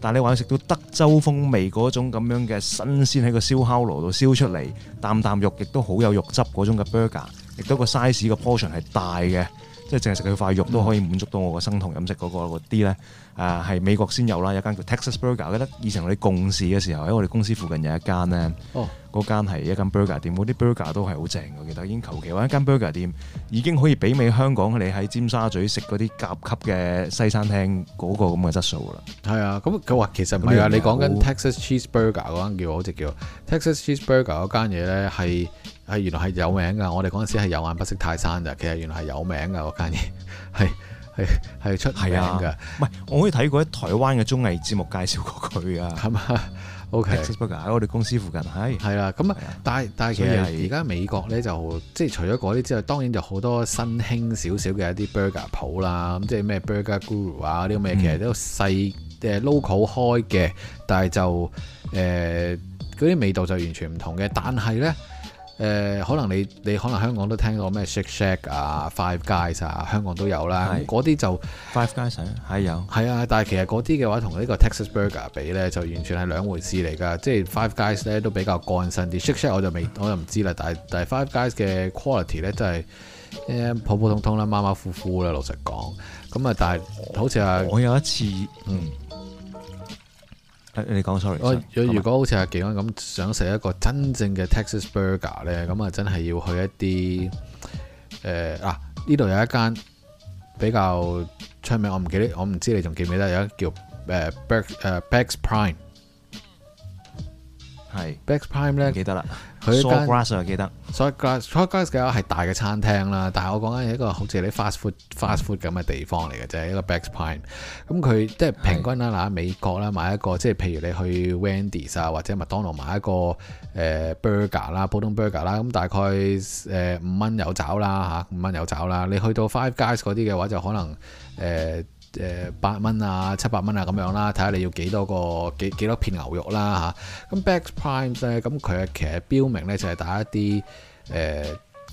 但你話食到德州風味嗰種咁樣嘅新鮮喺個燒烤爐度燒出嚟，啖啖肉亦都好有肉汁嗰種嘅 burger，亦都個 size 個 portion 係大嘅。即係淨係食佢塊肉都可以滿足到我個生酮飲食嗰、那個嗰啲咧，啊係、嗯、美國先有啦，有間叫 Texas Burger。我記得以前我哋共事嘅時候，喺我哋公司附近有一間咧，嗰、哦、間係一間 burger 店，嗰啲 burger 都係好正，我記得已經求其揾一間 burger 店，已經可以媲美香港你喺尖沙咀食嗰啲甲級嘅西餐廳嗰個咁嘅質素啦。係啊，咁佢話其實唔係啊，你講緊 Texas Cheese Burger 嗰間叫，我好似叫、嗯、Texas Cheese Burger 嗰間嘢咧係。係原來係有名㗎。我哋嗰陣時係有眼不識泰山咋。其實原來係有名㗎，嗰間嘢係係係出名嘅。唔係、啊，我可以睇過喺台灣嘅綜藝節目介紹過佢啊。係嘛？OK。Burger 喺我哋公司附近係係啦。咁啊，但係、啊、但係其實而家美國咧就即係除咗嗰啲之外，當然就好多新興少少嘅一啲 burger 鋪啦。咁、啊、即係咩 Burger Guru 啊？呢個咩其實都細 local 開嘅，但係就誒嗰啲味道就完全唔同嘅。但係咧。誒、呃、可能你你可能香港都聽過咩 Shake Shack 啊 Five Guys 啊香港都有啦，嗰啲是就 Five Guys 係、uh, 有係、嗯、啊，但係其實嗰啲嘅話同呢個 Texas Burger 比呢，就完全係兩回事嚟㗎，即係 Five Guys 呢都比較乾身啲 Shake Shack 我就未我就唔知啦，但係但係 Five Guys 嘅 quality 呢，真係誒普普通通啦，馬馬虎虎啦老實講，咁、嗯、啊但係好似係我有一次嗯。你講 sorry。我如果好似阿傑安咁，想食一個真正嘅 Texas burger 咧，咁啊真係要去一啲誒嗱，呢度有一間比較出名，我唔記得，我唔知你仲記唔記得，有一叫誒 Burg 誒 Bex Prime，係 Bex Prime 咧，唔記得啦。佢間 Five Guys 我記得，Five Guys Five Guys 嘅話係大嘅餐廳啦，但係我講緊一個好似你 fast food fast food 咁嘅地方嚟嘅啫，一個 benchmark 咁佢即係平均啦，嗱、啊，喺美國啦買一個，即係譬如你去 Wendy's 啊，或者麥當勞買一個誒、呃、burger 啦、啊，普通 burger 啦、啊，咁、嗯、大概誒五蚊有找啦吓，五、啊、蚊有找啦。你去到 Five Guys 嗰啲嘅話，就可能誒。呃誒、呃、八蚊啊，七百蚊啊咁樣啦，睇下你要幾多個，幾幾多，多片牛肉啦、啊、吓，咁 Back Prime 咧，咁佢、嗯、其實標明咧就係、是、打一啲誒、呃、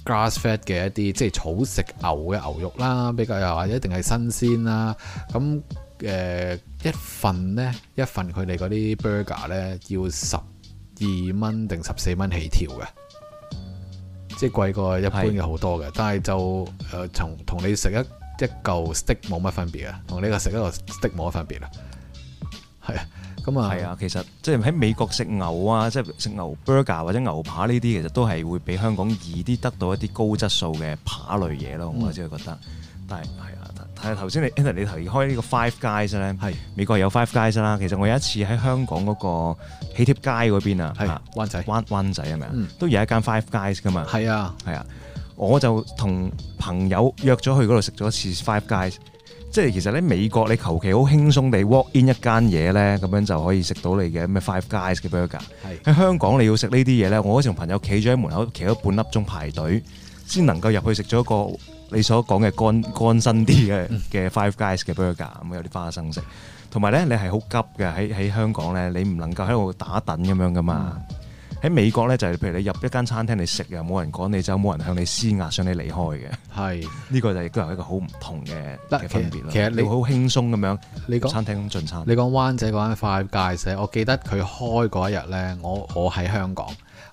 grass fed 嘅一啲，即係草食牛嘅牛肉啦，比較又或者一定係新鮮啦。咁、嗯、誒、呃、一份呢，一份佢哋嗰啲 burger 咧要十二蚊定十四蚊起跳嘅，即係貴過一般嘅好多嘅。是但係就誒從、呃、同，同你食一。一嚿 steak 冇乜分別，分別啊，同呢個食一個 steak 冇乜分別啊，係啊，咁啊，係啊，其實即係喺美國食牛啊，即係食牛 burger 或者牛扒呢啲，其實都係會比香港易啲得到一啲高質素嘅扒類嘢咯，嗯、我只係覺得。但係係啊，但係頭先你因為開個呢個 Five Guys 咧，係是美國有 Five Guys 啦。其實我有一次喺香港嗰個喜帖街嗰邊是啊灣仔灣，灣仔灣灣仔啊，咪啊、嗯，都有一間 Five Guys 㗎嘛。係啊，係啊。我就同朋友約咗去嗰度食咗一次 Five Guys，即係其實喺美國你求其好輕鬆地 walk in 一間嘢咧，咁樣就可以食到你嘅咩 Five Guys 嘅 burger。喺是香港你要食呢啲嘢咧，我嗰時同朋友企咗喺門口，企咗半粒鐘排隊，先能夠入去食咗一個你所講嘅乾乾身啲嘅嘅 Five Guys 嘅 burger，咁有啲花生食。同埋咧你係好急嘅，喺喺香港咧你唔能夠喺度打等咁樣噶嘛。嗯喺美國咧，就係、是、譬如你入一間餐廳你食，又冇人趕你走，冇人向你施壓想你離開嘅。係呢的個就亦都係一個好唔同嘅分別。其實，其實你好輕鬆咁樣，你講餐廳進餐。你講說灣仔嗰間 Five Guys，我記得佢開嗰一日呢，我我喺香港，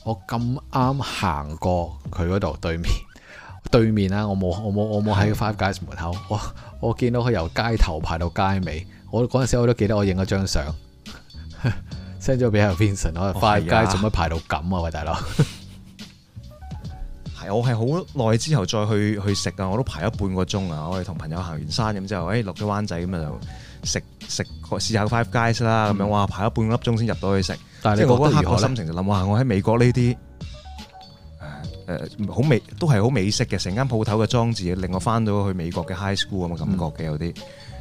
我咁啱行過佢嗰度對面對面啦。我冇我冇我冇喺 Five Guys 門口，的我我見到佢由街頭排到街尾。我嗰陣時我都記得我影咗張相。send 咗俾阿 Vincent，我話 Five Guys 做乜排到咁啊？喂大佬，係我係好耐之後再去去食啊！我都排咗半個鐘啊！我哋同朋友行完山咁之後，誒落咗灣仔，咁就食食試下 Five Guys 啦咁樣，哇，排咗半粒鐘先入到去食。但係我嗰一刻個心情就諗話，我喺美國呢啲誒誒好美都係好美式嘅，成間鋪頭嘅裝置令我翻到去美國嘅 High School 咁嘅感覺嘅有啲。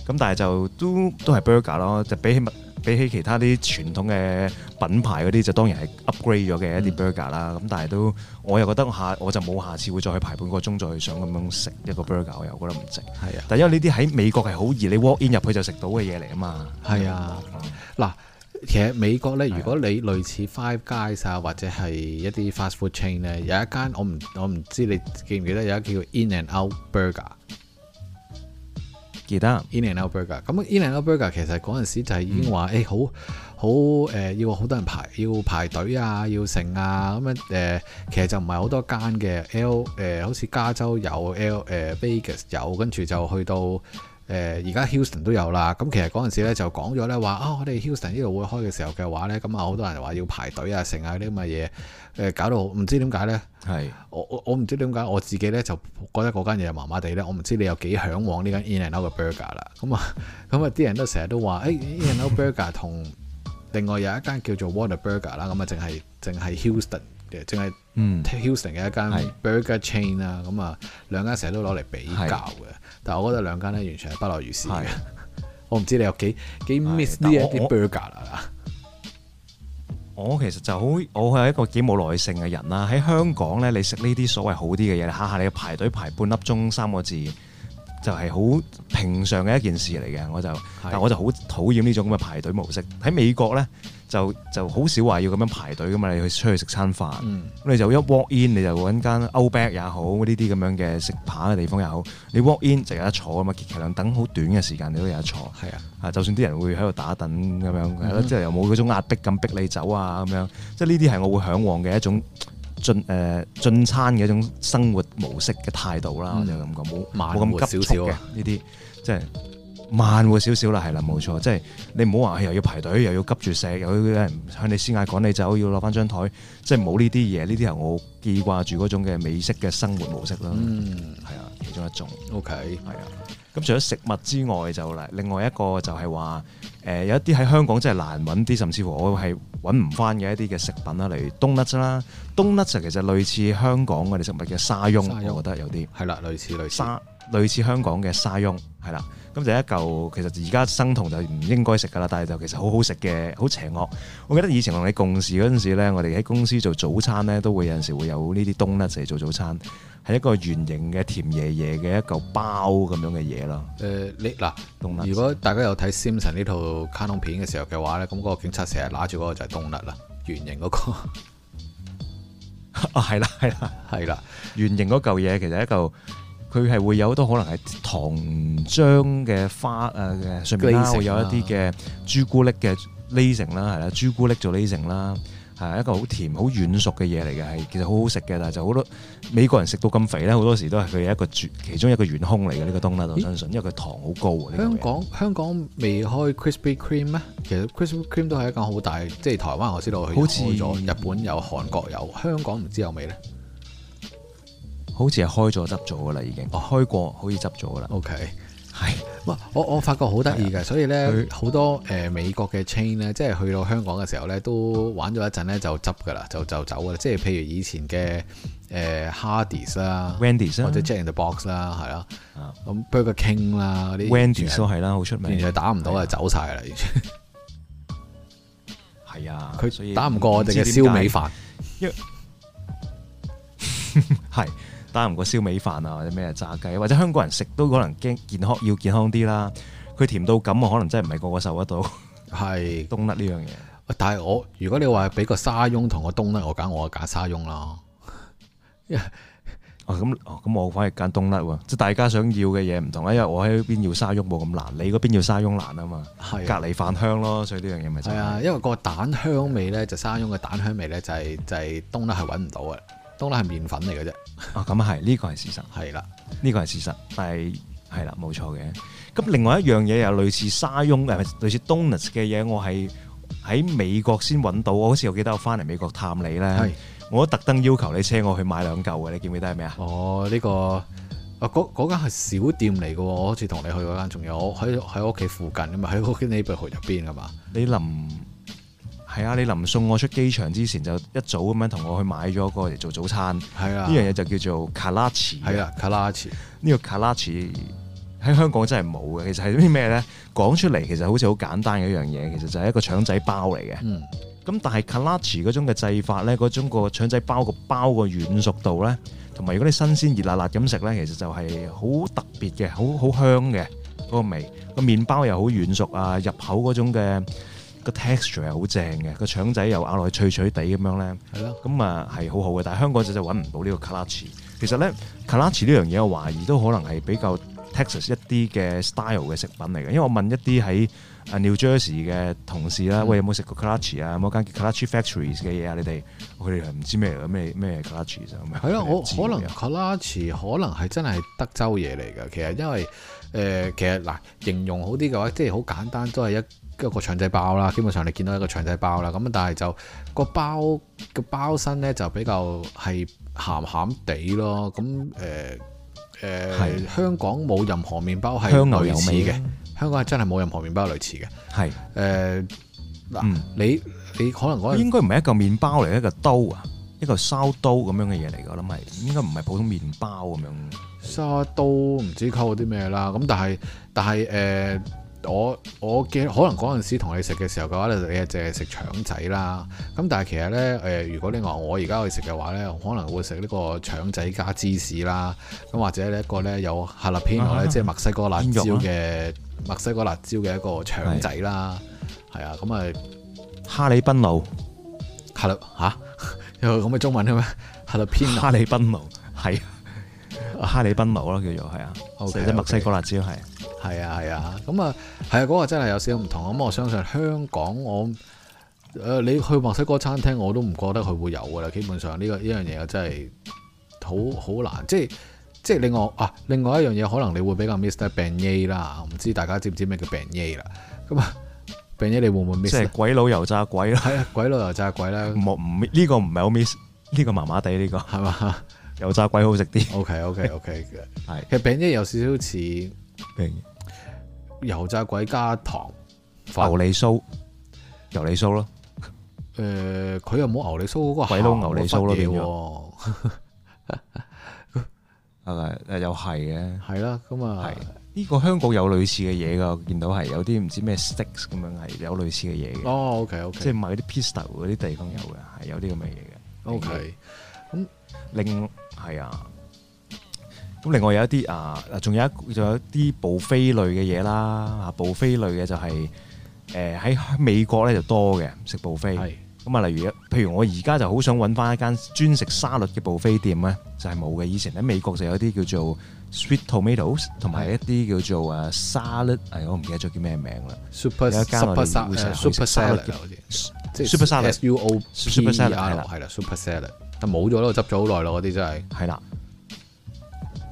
咁但係就都都係 burger 咯，就比起物。比起其他啲傳統嘅品牌嗰啲，就當然係 upgrade 咗嘅一啲 burger 啦。咁、嗯、但係都，我又覺得我下我就冇下次會再去排半個鐘再去想咁樣食一個 burger，我又覺得唔值。係啊，但因為呢啲喺美國係好易，你 walk in 入去就食到嘅嘢嚟啊嘛。係啊，嗱、嗯，其實美國咧，嗯啊、如果你類似 Five Guys 啊，或者係一啲 fast food chain 咧，有一間我唔我唔知你記唔記得，有一叫 In and Out Burger。而 In and Out Burger、In。咁 In and Out Burger 其實嗰陣時就係已經話，誒、mm. 欸、好好誒、呃、要好多人排，要排隊啊，要成啊咁樣誒、呃。其實就唔係好多間嘅。L 誒、呃、好似加州有，L 誒、呃、Vegas 有，跟住就去到。誒而家、呃、Houston 都有啦，咁其實嗰陣時咧就講咗咧話，啊我哋 Houston 呢度會開嘅時候嘅話咧，咁啊好多人話要排隊啊，成下啲咁嘅嘢，誒、呃、搞到唔知點解咧。係是，我我我唔知點解，我自己咧就覺得嗰間嘢麻麻地咧，我唔知你有幾向往呢間欸、In-N-Out Burger 啦。咁啊，咁啊啲人都成日都話，誒 In-N-Out Burger 同另外有一間叫做 Water Burger 啦，咁啊淨係淨係 Houston。淨係 Houston 嘅一間、嗯、burger chain 啊是，咁啊兩間成日都攞嚟比較嘅，是但我覺得兩間咧完全係不落於市嘅。是 我唔知你有幾幾 miss 啲 burger 啦了。我其實就好，我係一個幾冇耐性嘅人啦。喺香港咧，你食呢啲所謂好啲嘅嘢，下下你要排隊排半粒鐘三個字，就係、是、好平常嘅一件事嚟嘅。我就，的但我就好討厭呢種咁嘅排隊模式。喺美國咧。就就好少話要咁樣排隊噶嘛，你去出去食餐飯，咁、嗯、你就一 walk in 你就揾間 Outback 也好，呢啲咁樣嘅食扒嘅地方也好，你 walk in 就有得坐啊嘛，極其量等好短嘅時間你都有得坐，係啊，啊，就算啲人會喺度打等咁樣，之後又冇嗰種壓迫咁逼你走啊咁樣，即係呢啲係我會嚮往嘅一種進誒、呃、進餐嘅一種生活模式嘅態度啦，嗯、我就咁講，冇咁慢活 急少少嘅呢啲，即係。即慢活少少啦，係啦，冇錯，即係你唔好話又要排隊，又要急住食，又要有人向你施壓趕你走，要攞翻張台，即係冇呢啲嘢。呢啲係我記掛住嗰種嘅美式嘅生活模式啦。嗯，係啊，其中一種。OK，係啊。咁除咗食物之外，就嚟另外一個就係話，誒、呃、有一啲喺香港真係難揾啲，甚至乎我係揾唔翻嘅一啲嘅食品啦，例如冬甩啦，冬甩就其實類似香港我哋食物嘅沙翁，沙翁，我覺得有啲係啦，類似類似。類似香港嘅沙翁係啦，咁就一嚿其實而家生酮就唔應該食噶啦，但係就其實好好食嘅，好邪惡。我記得以前同你共事嗰陣時咧，我哋喺公司做早餐咧，都會有陣時會有呢啲冬甩嚟做早餐，係一個圓形嘅甜爺爺嘅一嚿包咁樣嘅嘢咯。誒、呃，嗱，冬甩如果大家有睇《Simpson》呢套卡通片嘅時候嘅話咧，咁嗰個警察成日拿住嗰個就係冬甩啦，圓形嗰、那個。係 啦、 哦，係啦，係啦， 圓形嗰嚿嘢其實一嚿。佢係會有好多可能係糖漿嘅花誒嘅、啊、上面啦、啊，會有一啲嘅朱古力嘅 layering 啦，係啦，朱古力做 layering 啦，係一個好甜好軟熟嘅嘢嚟嘅，係其實好好食嘅，但係就好多美國人食到咁肥咧，好多時都係佢一個其中一個元兇嚟嘅呢個東西，我相信，因為佢糖好高。香港香港未開 Crispy Cream 咩？其實 Crispy Cream 都係一個好大，即係台灣我知道我好似像日本有、韓國有，香港唔知有未咧？好似係開咗執咗噶啦，已經哦開過好似執咗噶啦。O K 係，哇！我我發覺好得意嘅，所以咧，好多誒美國嘅 chain 咧，即係去到香港嘅時候咧，都玩咗一陣咧就執噶啦，就就走噶啦。即係譬如以前嘅誒 Hardys 啦、Wendys 或者 Jack in the Box 啦，係啦，咁 Burger King 啦啲 Wendy 都係啦，好出名，但係打唔到就走晒啦，係啊，佢打唔過我哋嘅燒味飯，係。擔唔過燒味飯啊，或者咩炸雞，或者香港人食都可能健健康要健康啲啦。佢甜到咁，可能真係唔係個個受得到。係是冬甩呢樣嘢，但係我如果你話俾個沙翁同個冬甩，我揀我啊揀沙翁咯。咁，咁我反而揀冬甩喎，即係大家想要嘅嘢唔同啦。因為我喺邊要沙翁冇咁難，你嗰邊要沙翁難啊嘛。隔籬、啊、飯香咯，所以呢樣嘢咪係啊。因為個蛋香味咧，就沙翁嘅蛋香味咧、就是，就係就係冬甩係搵唔到嘅。 都係麵粉嚟嘅啫，咁啊係呢個係事實，係啦呢個係事實，係係啦冇錯嘅。咁另外一樣嘢又類似沙翁，係咪類似 donuts 嘅嘢？我係喺美國先搵到，我好似我記得我翻嚟美國探你咧，我都特登要求你車我去買兩嚿嘅，你記唔記得係咩啊？哦，呢、這個啊嗰嗰間係小店嚟嘅，我好似同你去嗰間，仲有喺喺屋企附近啊嘛，喺屋企 neighborhood 入邊啊嘛，你臨。係啊！你臨送我出機場之前就一早咁樣同我去買咗個嚟做早餐。係啊！呢樣嘢就叫做卡拉治。係啊，卡拉治。呢個卡拉治喺香港真係冇嘅。其實係啲咩咧？講出嚟其實好似好簡單嘅一樣嘢。其實就係一個腸仔包嚟嘅。嗯。咁但係卡拉治嗰種嘅製法咧，嗰種個腸仔包個包個軟熟度咧，同埋如果你新鮮熱辣辣咁食咧，其實就係好特別嘅，好好香嘅嗰個味。個麵包又好軟熟啊，入口嗰種嘅。個 texture 係好正嘅，個腸仔又咬落去脆脆哋咁的樣咧，係咯，咁啊係好好嘅。但係香港仔就揾唔到呢個克拉治。其實咧，克拉治呢樣嘢我懷疑都可能係比較 Texas 一啲嘅 style 嘅食品嚟嘅。因為我問一啲喺 New Jersey 嘅同事啦，嗯、喂有冇食過克拉治啊？某間叫克拉治 Factories 嘅嘢啊，你哋佢哋係唔知咩啊咩咩克拉治啊？係啊，我的可能 c l 克拉治可能係真係德州嘢嚟㗎。其實因為誒、呃，其實嗱形容好啲嘅話，即係好簡單都係、就是、一。一個腸仔包啦，基本上你見到一個腸仔包啦，咁但係就個包個包身咧就比較係咸咸地咯，咁誒誒，呃呃、是香港冇任何麵包係類似嘅，似香港係真係冇任何麵包係類似嘅，係誒嗱，呃嗯、你你可能嗰日應該唔係一個麵包嚟，一個刀啊，一個燒刀咁樣嘅嘢嚟嘅，我諗係應該唔係普通麵包咁樣，燒刀唔知溝啲咩啦，咁但係但係誒。呃我我記得可能嗰陣時同你食嘅時候嘅話你係淨係食腸仔啦。咁但係其實咧，誒，如果你我話我而家去食嘅話咧，可能會食呢個腸仔加芝士啦。咁或者呢一個咧有哈辣片即係墨西哥辣椒嘅、啊、墨西哥辣椒嘅一個腸仔啦。係啊的，咁啊，哈里賓奴，哈辣嚇有咁嘅中文嘅咩？哈辣哈里賓奴係 哈里賓奴咯，叫做係啊，或者墨西哥辣椒係。Okay. 係啊係啊，咁啊係啊嗰個真係有少少唔同啊！咁、嗯、我相信香港我誒、呃，你去墨西哥餐廳我都唔覺得佢會有噶啦。基本上呢、呢個呢樣嘢真係好好難，即係即係另外啊，另外一樣嘢可能你會比較 miss 餅 E 啦。唔知大家知唔知咩叫餅 E 啦？咁啊餅 E 你會唔會 miss？鬼佬油炸鬼鬼佬、啊、油炸鬼啦，呢、呢個唔係好 miss，呢個麻麻地，呢個係嘛？吧油炸鬼好食啲。OK OK OK，係 其實餅 E 有少少似。油炸鬼加糖，牛脷酥，牛脷酥咯。誒，佢又冇牛脷酥嗰個鹹牛脷酥咯。喎，係咪？又係嘅。係啦，咁啊，係呢個香港有類似嘅嘢噶，見到係有啲唔知咩 sticks 咁樣係有類似嘅嘢嘅。哦，OK OK，即係買啲 pistol 嗰啲地方有嘅，係有啲咁嘅嘢嘅。OK，咁另係啊。咁另外有一啲啊，仲有一仲有一啲布菲類嘅嘢啦，啊，布菲類嘅就係誒喺美國咧就多嘅食布菲，咁啊，例如譬如我而家就好想搵返一間專食沙律嘅布菲店咧，就係冇嘅。以前喺美國就有啲叫做 Sweet Tomatoes，同埋一啲叫做啊沙律，我唔記得咗叫咩名啦，Super Salad，Super Salad 好似，即係 Super Salad，s u p e r l，係啦，Super Salad，但冇咗咯，執咗好耐咯，嗰啲真係，係啦。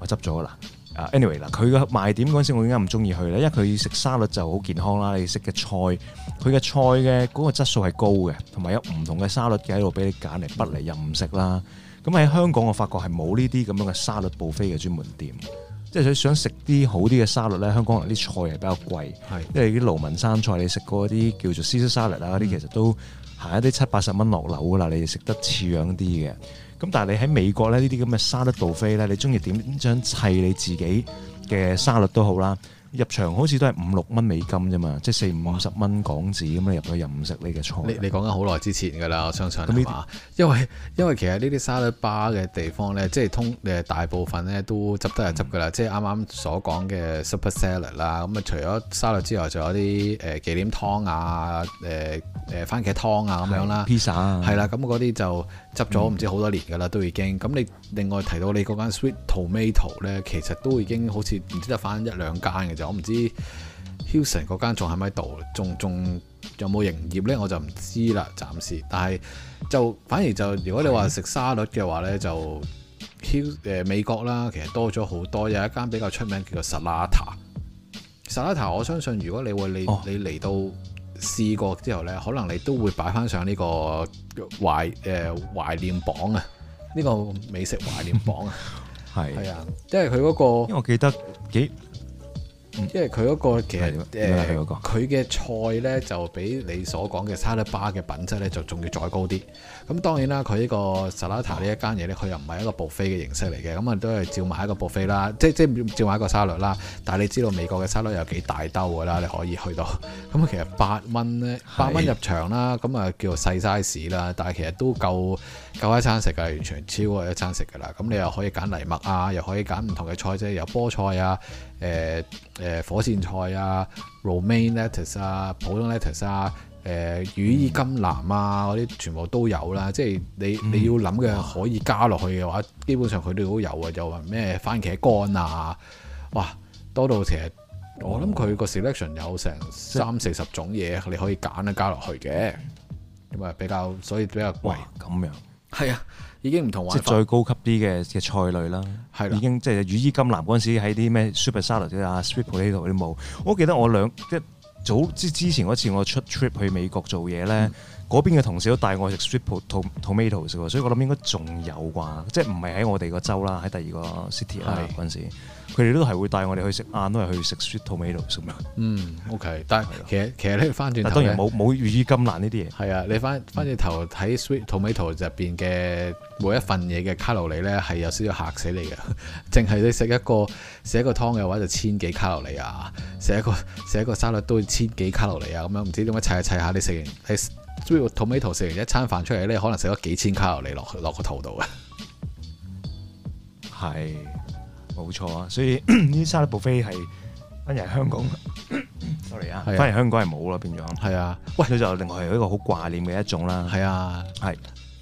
我執咗啦。啊，anyway 嗱，佢嘅賣點嗰陣時，我點解唔中意去咧？因為佢食沙律就好健康啦。你食嘅菜，佢嘅菜嘅嗰個質素係高嘅，同埋有唔同嘅沙律嘅喺度俾你揀嚟不嚟任食啦。咁喺香港我發覺係冇呢啲咁樣嘅沙律布菲嘅專門店，即係佢想食啲好啲嘅沙律咧，香港人啲菜係比較貴，係的因為啲農民生菜，你食過啲叫做西式沙律啊嗰啲，其實都行一啲七八十蚊落樓噶啦，你哋食得似樣啲嘅。咁但係你喺美國咧，呢啲咁嘅沙律道飛咧，你中意點樣砌你自己嘅沙律都好啦。入場好似都係五六蚊美金啫嘛，即係四五五十蚊港紙咁啊，入去入唔食呢個菜。你你講緊好耐之前㗎啦，我相信係嘛？因為因為其實呢啲沙律吧嘅地方咧，即係通誒大部分咧都執得係執㗎啦。嗯、即係啱啱所講嘅 super salad 啦，咁啊除咗沙律之外，仲有啲誒、呃、忌廉湯啊誒。呃誒番茄湯啊咁樣啦，披薩啊，係啦，咁嗰啲就執咗唔知好多年噶啦，都、嗯嗯嗯、已經。咁你另外提到你嗰間 Sweet Tomato 咧，其實都已經好似唔知得翻一兩間嘅啫。我唔知 Houston 嗰間仲喺咪度，仲仲有冇營業咧，我就唔知啦，暫時。但係就反而就如果你話食沙律嘅話咧，就 h、呃、美國啦，其實多咗好多。有一間比較出名叫做 Salata，Salata 我相信如果你會你你嚟到。試過之後咧，可能你都會擺翻上呢個懷誒、呃、懷念榜啊！呢個美食懷念榜啊，係，係啊，即係佢嗰個，因為我記得幾。嗯、因為佢嗰個其實誒佢嘅菜呢就比你所講嘅沙律巴嘅品質呢就仲要再高啲。咁當然啦，佢呢個 Salata 呢一間嘢呢，佢又唔係一個布菲嘅形式嚟嘅，咁啊都係照買一個布菲啦，即即照買一個沙律啦。但係你知道美國嘅沙律有幾大兜㗎啦，你可以去到。咁其實八蚊呢，八蚊入場啦，咁啊是叫做細 size 啦，但係其實都夠夠一餐食嘅，完全超過一餐食㗎啦。咁你又可以揀藜麥啊，又可以揀唔同嘅菜啫，即有菠菜啊。誒誒、欸、火箭菜啊，Romaine lettuce 啊，普通 lettuce 啊，誒、呃、羽衣甘藍啊，嗰啲、嗯、全部都有啦。即係你你要諗嘅可以加落去嘅話，嗯、基本上佢哋都有嘅。又話咩番茄乾啊，哇，多到其實。我諗佢個 selection 有成三是四十種嘢你可以揀咧加落去嘅。咁啊比較所以比較貴。咁樣係啊。已經唔同，即係再高級啲嘅嘅菜類啦。係的，已經即係羽衣甘藍嗰陣時喺啲咩 super salad 啊 sweet potato 嗰啲冇。我記得我兩即係早之之前嗰次我出 trip 去美國做嘢咧，嗰、嗯、邊嘅同事都帶我食 sweet potato tomato 嘅喎，所以我諗應該仲有啩，即係唔係喺我哋個州啦，喺第二個 city 嗰陣的時。佢哋都係會帶我哋去食晏，都係去食 sweet tomato 食咩？嗯，OK，但係其實其實你翻轉頭，當然冇冇預於咁難呢啲嘢。係啊，你翻翻轉頭睇 sweet tomato 入邊嘅每一份嘢嘅卡路里咧，係有少少嚇死你嘅。淨係你食一個食一個湯嘅話，就千幾卡路里啊！食一個食一個沙律都千幾卡路里啊！咁樣唔知點解砌下砌下，你食完食 sweet tomato 食完一餐飯出嚟咧，你可能食咗幾千卡路里落落個肚度啊。係。冇錯啊，所以呢啲沙律布菲係反而係香港，sorry 啊，咳咳，反而香港係冇咯，變咗。係啊，喂，佢就另外係一個好掛念嘅一種啦。係啊，係是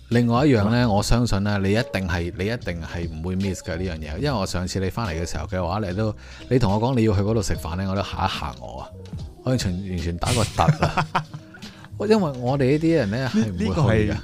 另外一樣咧，吧我相信咧，你一定係你一定係唔會 miss 嘅呢樣嘢，因為我上次你翻嚟嘅時候嘅話，你都你同我講你要去嗰度食飯咧，我都嚇一嚇我啊，我完全完全打個突啊， 因為我哋呢啲人咧係唔會去啊。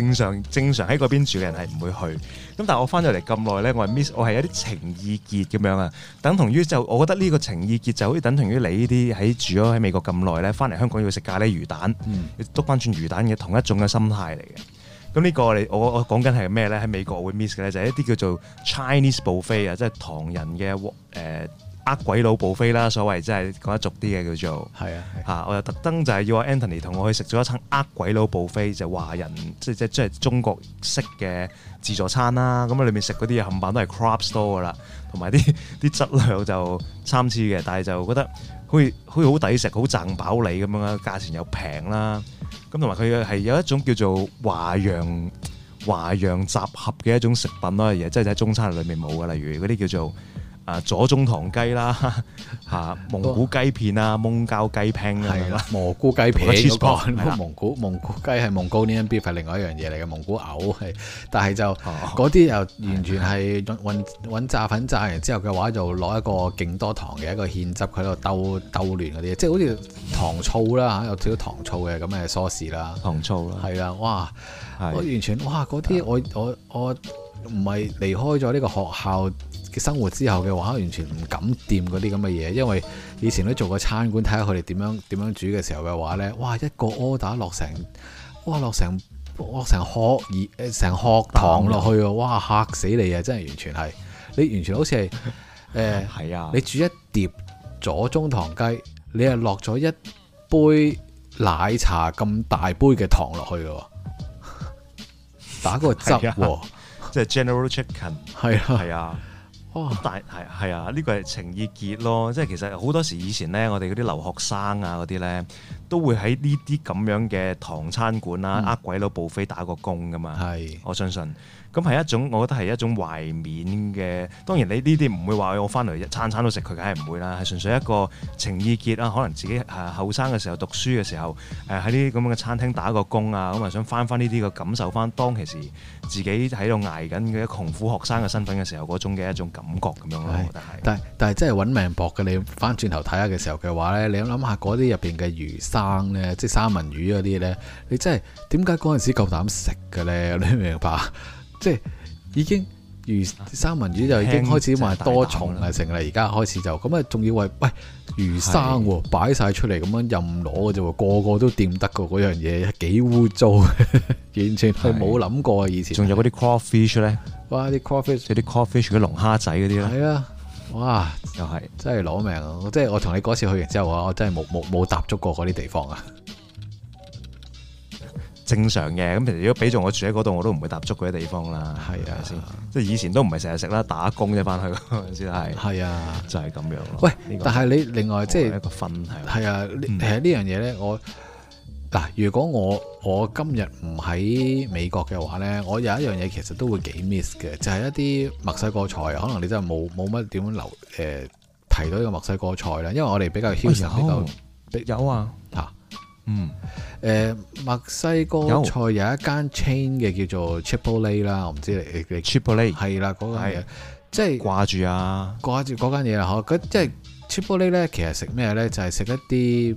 正常，正常喺嗰邊住嘅人係唔會去，咁但係我翻咗嚟咁耐咧，我係 miss，我係有啲情意結咁樣啊，等同於就我覺得呢個情意結就好似等同於你呢啲喺住咗喺美國咁耐咧，翻嚟香港要食咖喱魚蛋，要篤翻轉魚蛋嘅同一種嘅心態嚟嘅。咁呢個你，我我講緊係咩咧？喺美國我會 miss 嘅咧，就係、是、一啲叫做 Chinese buffet 啊，即係唐人嘅誒。呃呃鬼佬 buffet 啦，所謂即係講得俗啲嘅叫做係啊，嚇、啊！我又特登就係要我 Anthony 同我去食咗一餐呃鬼佬 buffet，就華人即即即係中國式嘅自助餐啦。咁啊，裏面食嗰啲嘢冚唪唥都係 crop store 噶啦，同埋啲啲質量就參差嘅。但係就覺得好似好似好抵食，好賺飽你咁樣啦，價錢又平啦。咁同埋佢嘅係有一種叫做華洋華洋集合嘅一種食品咯嘢，即係喺中餐裏面冇嘅，例如嗰啲叫做。啊，左宗棠雞啦，嚇蒙古雞片啦，蒙膠雞拼啦，蘑菇雞皮嗰個，蒙古蒙古雞係蒙古呢一邊，係另外一樣嘢嚟嘅。蒙古牛係，但係就嗰啲又完全係揾炸粉炸完之後嘅話，就攞一個勁多糖嘅一個芡汁，佢喺度兜兜亂嗰啲，即係好似糖醋啦嚇，有少少糖醋嘅咁嘅梳士啦，糖醋啦，係啦，哇！我完全哇嗰啲，我我我唔係離開咗呢個學校。生活之後嘅話，完全唔敢掂嗰啲咁嘅嘢，因為以前都做過餐館，睇下佢哋點樣點樣煮嘅時候嘅話咧，哇，一個 order 落成，哇落成落成殼熱，誒、呃、成殼糖落去喎，哇嚇死你啊！真係完全係你完全好似係誒係啊！啊你煮一碟左宗棠雞，你係落咗一杯奶茶咁大杯嘅糖落去喎，打個汁喎，即係 general chicken 係啊係啊。哦 哦、但係係啊，呢、呢個係情意結咯，即係其實好多時以前呢，我哋嗰啲留學生啊嗰啲呢都會喺呢啲咁樣嘅唐餐館啦、啊，呃、嗯、鬼佬報飛打個工㗎嘛，係是，我相信。咁係一種，我覺得係一種懷緬嘅。當然你，你呢啲唔會話我翻嚟一餐餐都食佢，梗係唔會啦。係純粹一個情意結啊，可能自己係後生嘅時候讀書嘅時候，誒喺呢啲咁樣嘅餐廳打個工啊，咁、嗯、啊想翻翻呢啲嘅感受，翻當其時自己喺度捱緊嘅窮苦學生嘅身份嘅時候嗰種嘅一種感覺咁樣咯。是我覺得係。但係但係真係揾命搏嘅。你翻轉頭睇下嘅時候嘅話咧，你諗下嗰啲入邊嘅魚生咧，即係三文魚嗰啲咧，你真係點解嗰陣時夠膽食嘅咧？你明白？即係已經魚三文魚就已經開始賣多重嚟成啦，而家開始就咁啊，仲要為喂魚生擺晒出嚟咁樣任攞嘅啫，個個都掂得過嗰樣嘢，幾污糟， 完全係冇諗過啊！以前仲、就是、有嗰啲 c r a w fish 咧，哇啲 c r a w fish，即啲 c r a w fish，啲龍蝦仔嗰啲咧，係啊，哇，又係真係攞命啊！即係、就是、我同你嗰次去完之後啊，我真係冇冇冇踏足過嗰啲地方啊！正常嘅咁，其實如果俾住我住喺嗰度，我都唔會踏足嗰啲地方啦。係啊，先即係以前都唔係成日食啦，打工啫翻去先係。係 是啊，就係咁樣咯。喂，但係你另外即係一個分係。啊，是啊樣呢樣嘢咧，我嗱，如果我我今日唔喺美國嘅話咧，我有一樣嘢其實都會幾 miss 嘅，就係、是、一啲墨西哥菜，可能你真係冇冇乜點樣留誒、呃、提到呢個墨西哥菜啦，因為我哋比較謙、哎、呦有啊。嗯，誒、mm. 呃、墨西哥菜 No. 有一間 chain 嘅叫做 Chipotle 啦，我唔知你你 Chipotle 係啦嗰間嘢，即係掛住啊掛住嗰間嘢啦呵，即係 Chipotle 咧，其實食咩咧就係、是、食一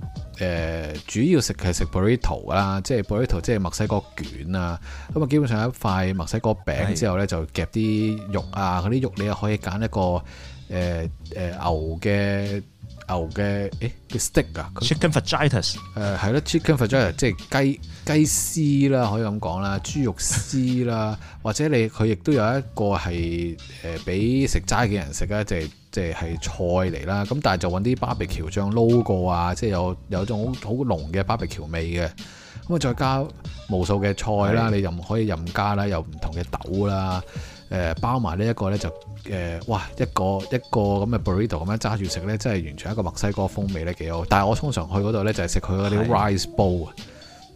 啲誒、呃、主要食其實食 burrito 啦，即係 burrito 即係墨西哥卷啊，咁啊基本上有一塊墨西哥餅之後咧是就夾啲肉啊，嗰啲肉你又可以揀一個誒誒、呃呃、牛嘅。牛嘅，誒叫 stick 啊，chicken fajitas 誒係、呃、啦 chicken fajita 即係雞雞絲啦，可以咁講啦，豬肉絲啦， 或者你佢亦都有一個係誒俾食齋嘅人食啦、即係即係，即係即係係菜嚟啦，咁但係就揾啲 barbecue 醬撈過啊，即係有有種好好濃嘅 barbecue 味嘅，咁啊再加無數嘅菜啦， 你又唔可以任加啦，有唔同嘅豆啦。誒包埋呢、這個、一個咧就誒，哇一個一個咁嘅 burrito 咁樣揸住食咧，真係完全一個墨西哥風味咧，幾好。但係我通常去嗰度咧就係食佢嗰啲 rice bowl 啊，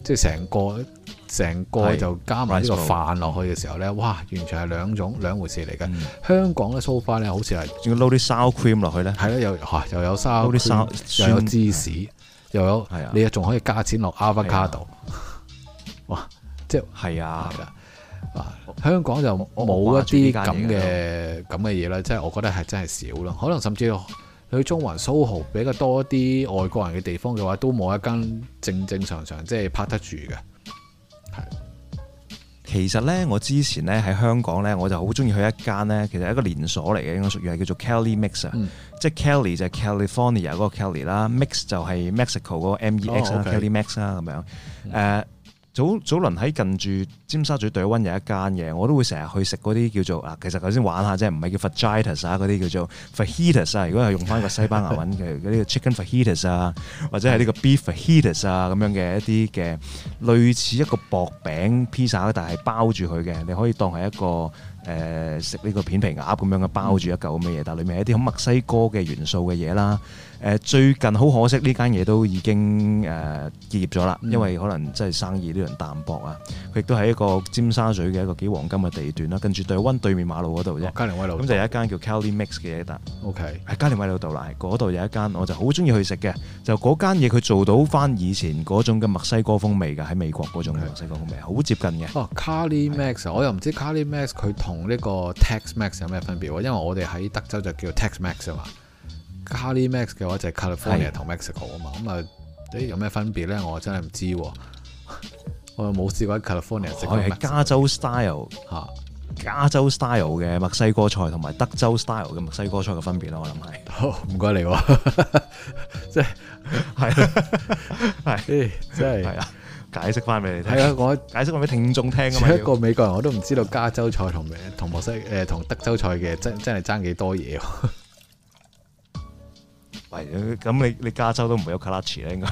即係成個成個就加埋呢個飯落去嘅時候咧，哇完全係兩種兩回事嚟嘅。嗯、香港咧 sofa 咧好似係仲要撈啲沙 cream 落去咧，係啦，又哇又有沙 cream 又有芝士、啊、又有，你啊仲可以加錢落 avocado，哇即係係啊！啊、香港就冇我一啲咁嘅咁嘅嘢啦，即係、啊就是、我覺得係真係少咯。可能甚至去中環 Soho 比較多啲外國人嘅地方嘅話，都冇一間正正常常即係拍得住嘅。係，其實咧，我之前咧喺香港咧，我就好中意去一間咧，其實係一個連鎖嚟嘅，應該屬於係叫做 Kelly Mix 啊、嗯，即係 Kelly 就係 California 嗰個 Kelly 啦，Mix 就係 Mexico 嗰個 M E X 啊，Kelly Mix 啊咁樣誒。呃嗯早早輪喺近住尖沙咀對灣有一間嘅，我都會成日去食嗰啲叫做啊，其實頭先玩下啫，唔係叫 fajitas 啊，嗰啲叫做 fajitas。如果係用翻個西班牙文嘅嗰啲 chicken fajitas 啊， faj itas，或者係呢個 beef fajitas 啊咁樣嘅一啲嘅，類似一個薄餅披薩，但係包住佢嘅，你可以當係一個誒食呢個片皮鴨咁樣嘅包住一嚿咁嘅嘢，但係裡面係一啲墨西哥嘅元素嘅嘢啦。誒最近好可惜呢間嘢都已經誒、呃、結業咗啦，嗯、因為可能真係生意啲人淡薄啊。佢亦都喺一個尖沙咀嘅一個幾黃金嘅地段啦，近住對灣對面馬路嗰度啫。加連威老道咁就有一間叫 Cali-Mex 嘅嘢得。O K 喺加連威老道度啦，嗰度有一間我就好中意去食嘅，就嗰間嘢佢做到翻以前嗰種嘅墨西哥風味嘅喺美國嗰種墨西哥風味，好的接近嘅。哦，Cali-Mex，我又唔知 Cali-Mex 佢同呢個 Tex-Mex 有咩分別喎？因為我哋喺德州就叫 Tex-Mex 啊嘛。Cali Max 嘅話就係 California 同 Mexico 啊嘛，咁啊，有咩分別咧？我真係唔知，我又冇試過 California 食。可、哦、加州 style 嚇，加州 style 嘅墨西哥菜同埋德州 style 嘅墨西哥菜嘅分別咯，我諗係。唔該你、哦，即係，係，係，真係，係啊，解釋翻俾你聽啊！我 解釋我俾聽， 聽眾聽啊嘛。一個美國人我都唔知道加州菜同同墨西哥同德州菜嘅真真係爭幾多嘢。 咁你你加州都唔 會有克拉奇咧，應該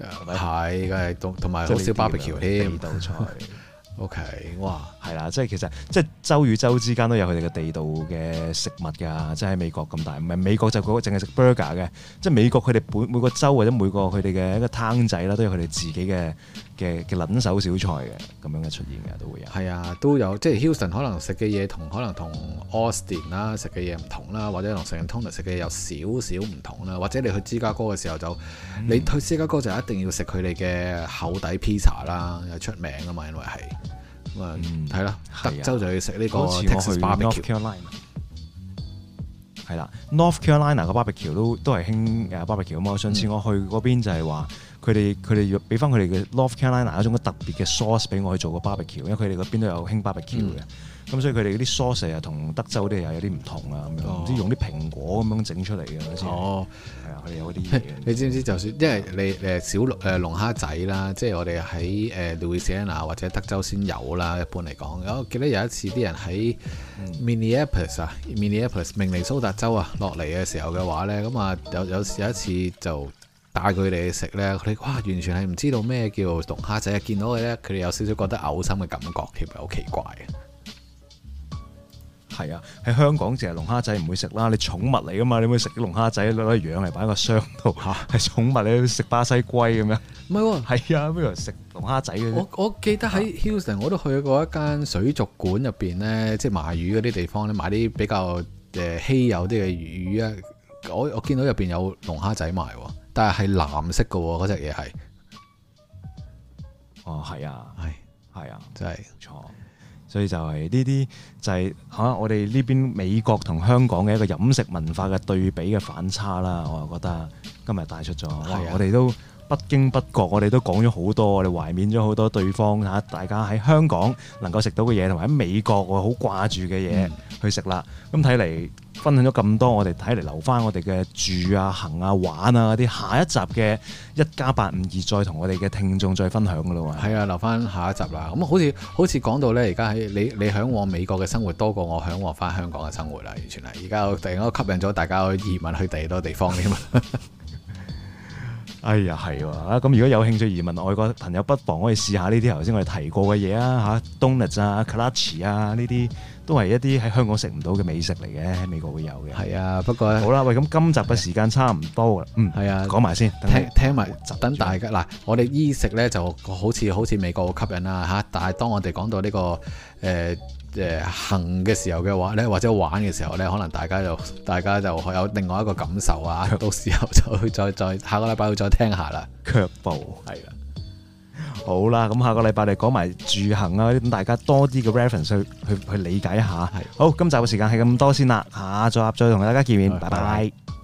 係，佢係同埋好少 barbecue 地道菜 ，OK，哇，係啦，即係其實即係州與州之間都有佢哋嘅地道嘅食物㗎。即係美國咁大，唔係美國就嗰個淨係食 burger 嘅。即係美國佢哋每每個州或者每個佢哋嘅一個 town 仔啦，都有佢哋自己嘅。嘅嘅撚手小菜嘅咁樣嘅出現嘅都會有，係啊都有，即係 Houston 可能食嘅嘢同可能同 Austin 啦食嘅嘢唔同啦，或者同 San Antonio 食嘅嘢有少少唔同啦，或者你去芝加哥嘅時候就、嗯、你去芝加哥就一定要食佢哋嘅厚底 pizza 啦，又出名啊嘛，因為係，咁、嗯、啊係啦，啊、德州就要食呢個 Texas、啊、barbecue，係啦，North Carolina 個巴比橋都都係興誒巴比橋啊嘛，上次我去嗰邊就係話。嗯嗯佢哋佢哋要俾翻佢哋嘅 North Carolina 一種特別嘅 sauce 俾我去做個 barbecue，因為佢哋嗰邊都有興 barbecue 嘅，咁、嗯嗯、所以佢哋嗰啲 sauce 成日同德州啲又有啲唔同啊，咁樣唔知用啲蘋果咁樣整出嚟嘅，好似係啊，佢哋、哦、有啲你知唔知就算、嗯、因為你誒小誒龍蝦仔啦，即、就、係、是、我哋喺誒 Louisiana 或者德州先有啦，一般嚟講。我記得有一次啲人喺 Minneapolis 啊、嗯、Minneapolis Min 明尼蘇達州啊落嚟嘅時候嘅話咧，咁啊有有有一次就。但係佢哋食咧，佢哋哇完全係唔知道咩叫龍蝦仔啊！見到佢咧，佢哋有少少覺得嘔心嘅感覺，其實好奇怪嘅。係啊，喺香港淨係龍蝦仔唔會食啦，你寵物嚟噶嘛？你會食啲龍蝦仔攞嚟養嚟擺喺個箱度嚇，係、啊、寵物你食巴西龜咁樣。唔係喎，係啊，咩嚟食龍蝦仔嘅？我我記得喺 Houston 我都去過一間水族館入邊咧，即係賣魚嗰啲地方咧，賣啲比較誒稀有啲嘅魚啊。我我見到入邊有龍蝦仔賣喎。但係係藍色嘅喎，嗰隻嘢係。哦，係、那個哦、啊，係，係啊，真係錯。錯所以就係呢啲就係、是、吓、啊，我哋呢邊美國同香港嘅一個飲食文化嘅對比嘅反差啦。我又覺得今日帶出咗，啊、我哋都不經不覺，我哋都講咗好多，我哋懷緬咗好多對方吓，大家喺香港能夠食到嘅嘢，同埋喺美國我好掛住嘅嘢去食啦。咁睇嚟。分享咗咁多，我哋睇嚟留翻我哋嘅住啊、行啊、玩啊嗰啲，下一集嘅一家八五二再同我哋嘅聽眾再分享噶咯喎。係啊，留翻下，下一集啦。咁好似好似講到咧，而家喺你你向往美國嘅生活多過我向往翻香港嘅生活啦，完全係。而家突然間吸引咗大家去移民去第二多地方添啊。 哎呀，係啊。咁如果有興趣移民外國，朋友不妨可以試下呢啲頭先我哋提過嘅嘢啊，吓 Donuts 啊、Klatsch 啊呢啲。都係一啲喺香港食唔到嘅美食嚟嘅，喺美國會有嘅。係啊，不過好啦，喂，咁今集嘅時間差唔多啦。啊、嗯，係啊，講埋先，等等聽聽埋，等大家嗱，我哋衣食呢就好似好似美國好吸引啦，吓，但係當我哋講到呢、這個誒誒、呃、行嘅時候嘅話呢，或者玩嘅時候呢，可能大家就大家就有另外一個感受啊。到時候就再再下個禮拜會再聽下啦。腳步係啊。好啦，咁下個禮拜嚟講埋住行啊，咁大家多啲嘅 reference 去去去理解一下。係好，今集嘅時間係咁多先啦，下集再同大家見面，係拜拜。拜拜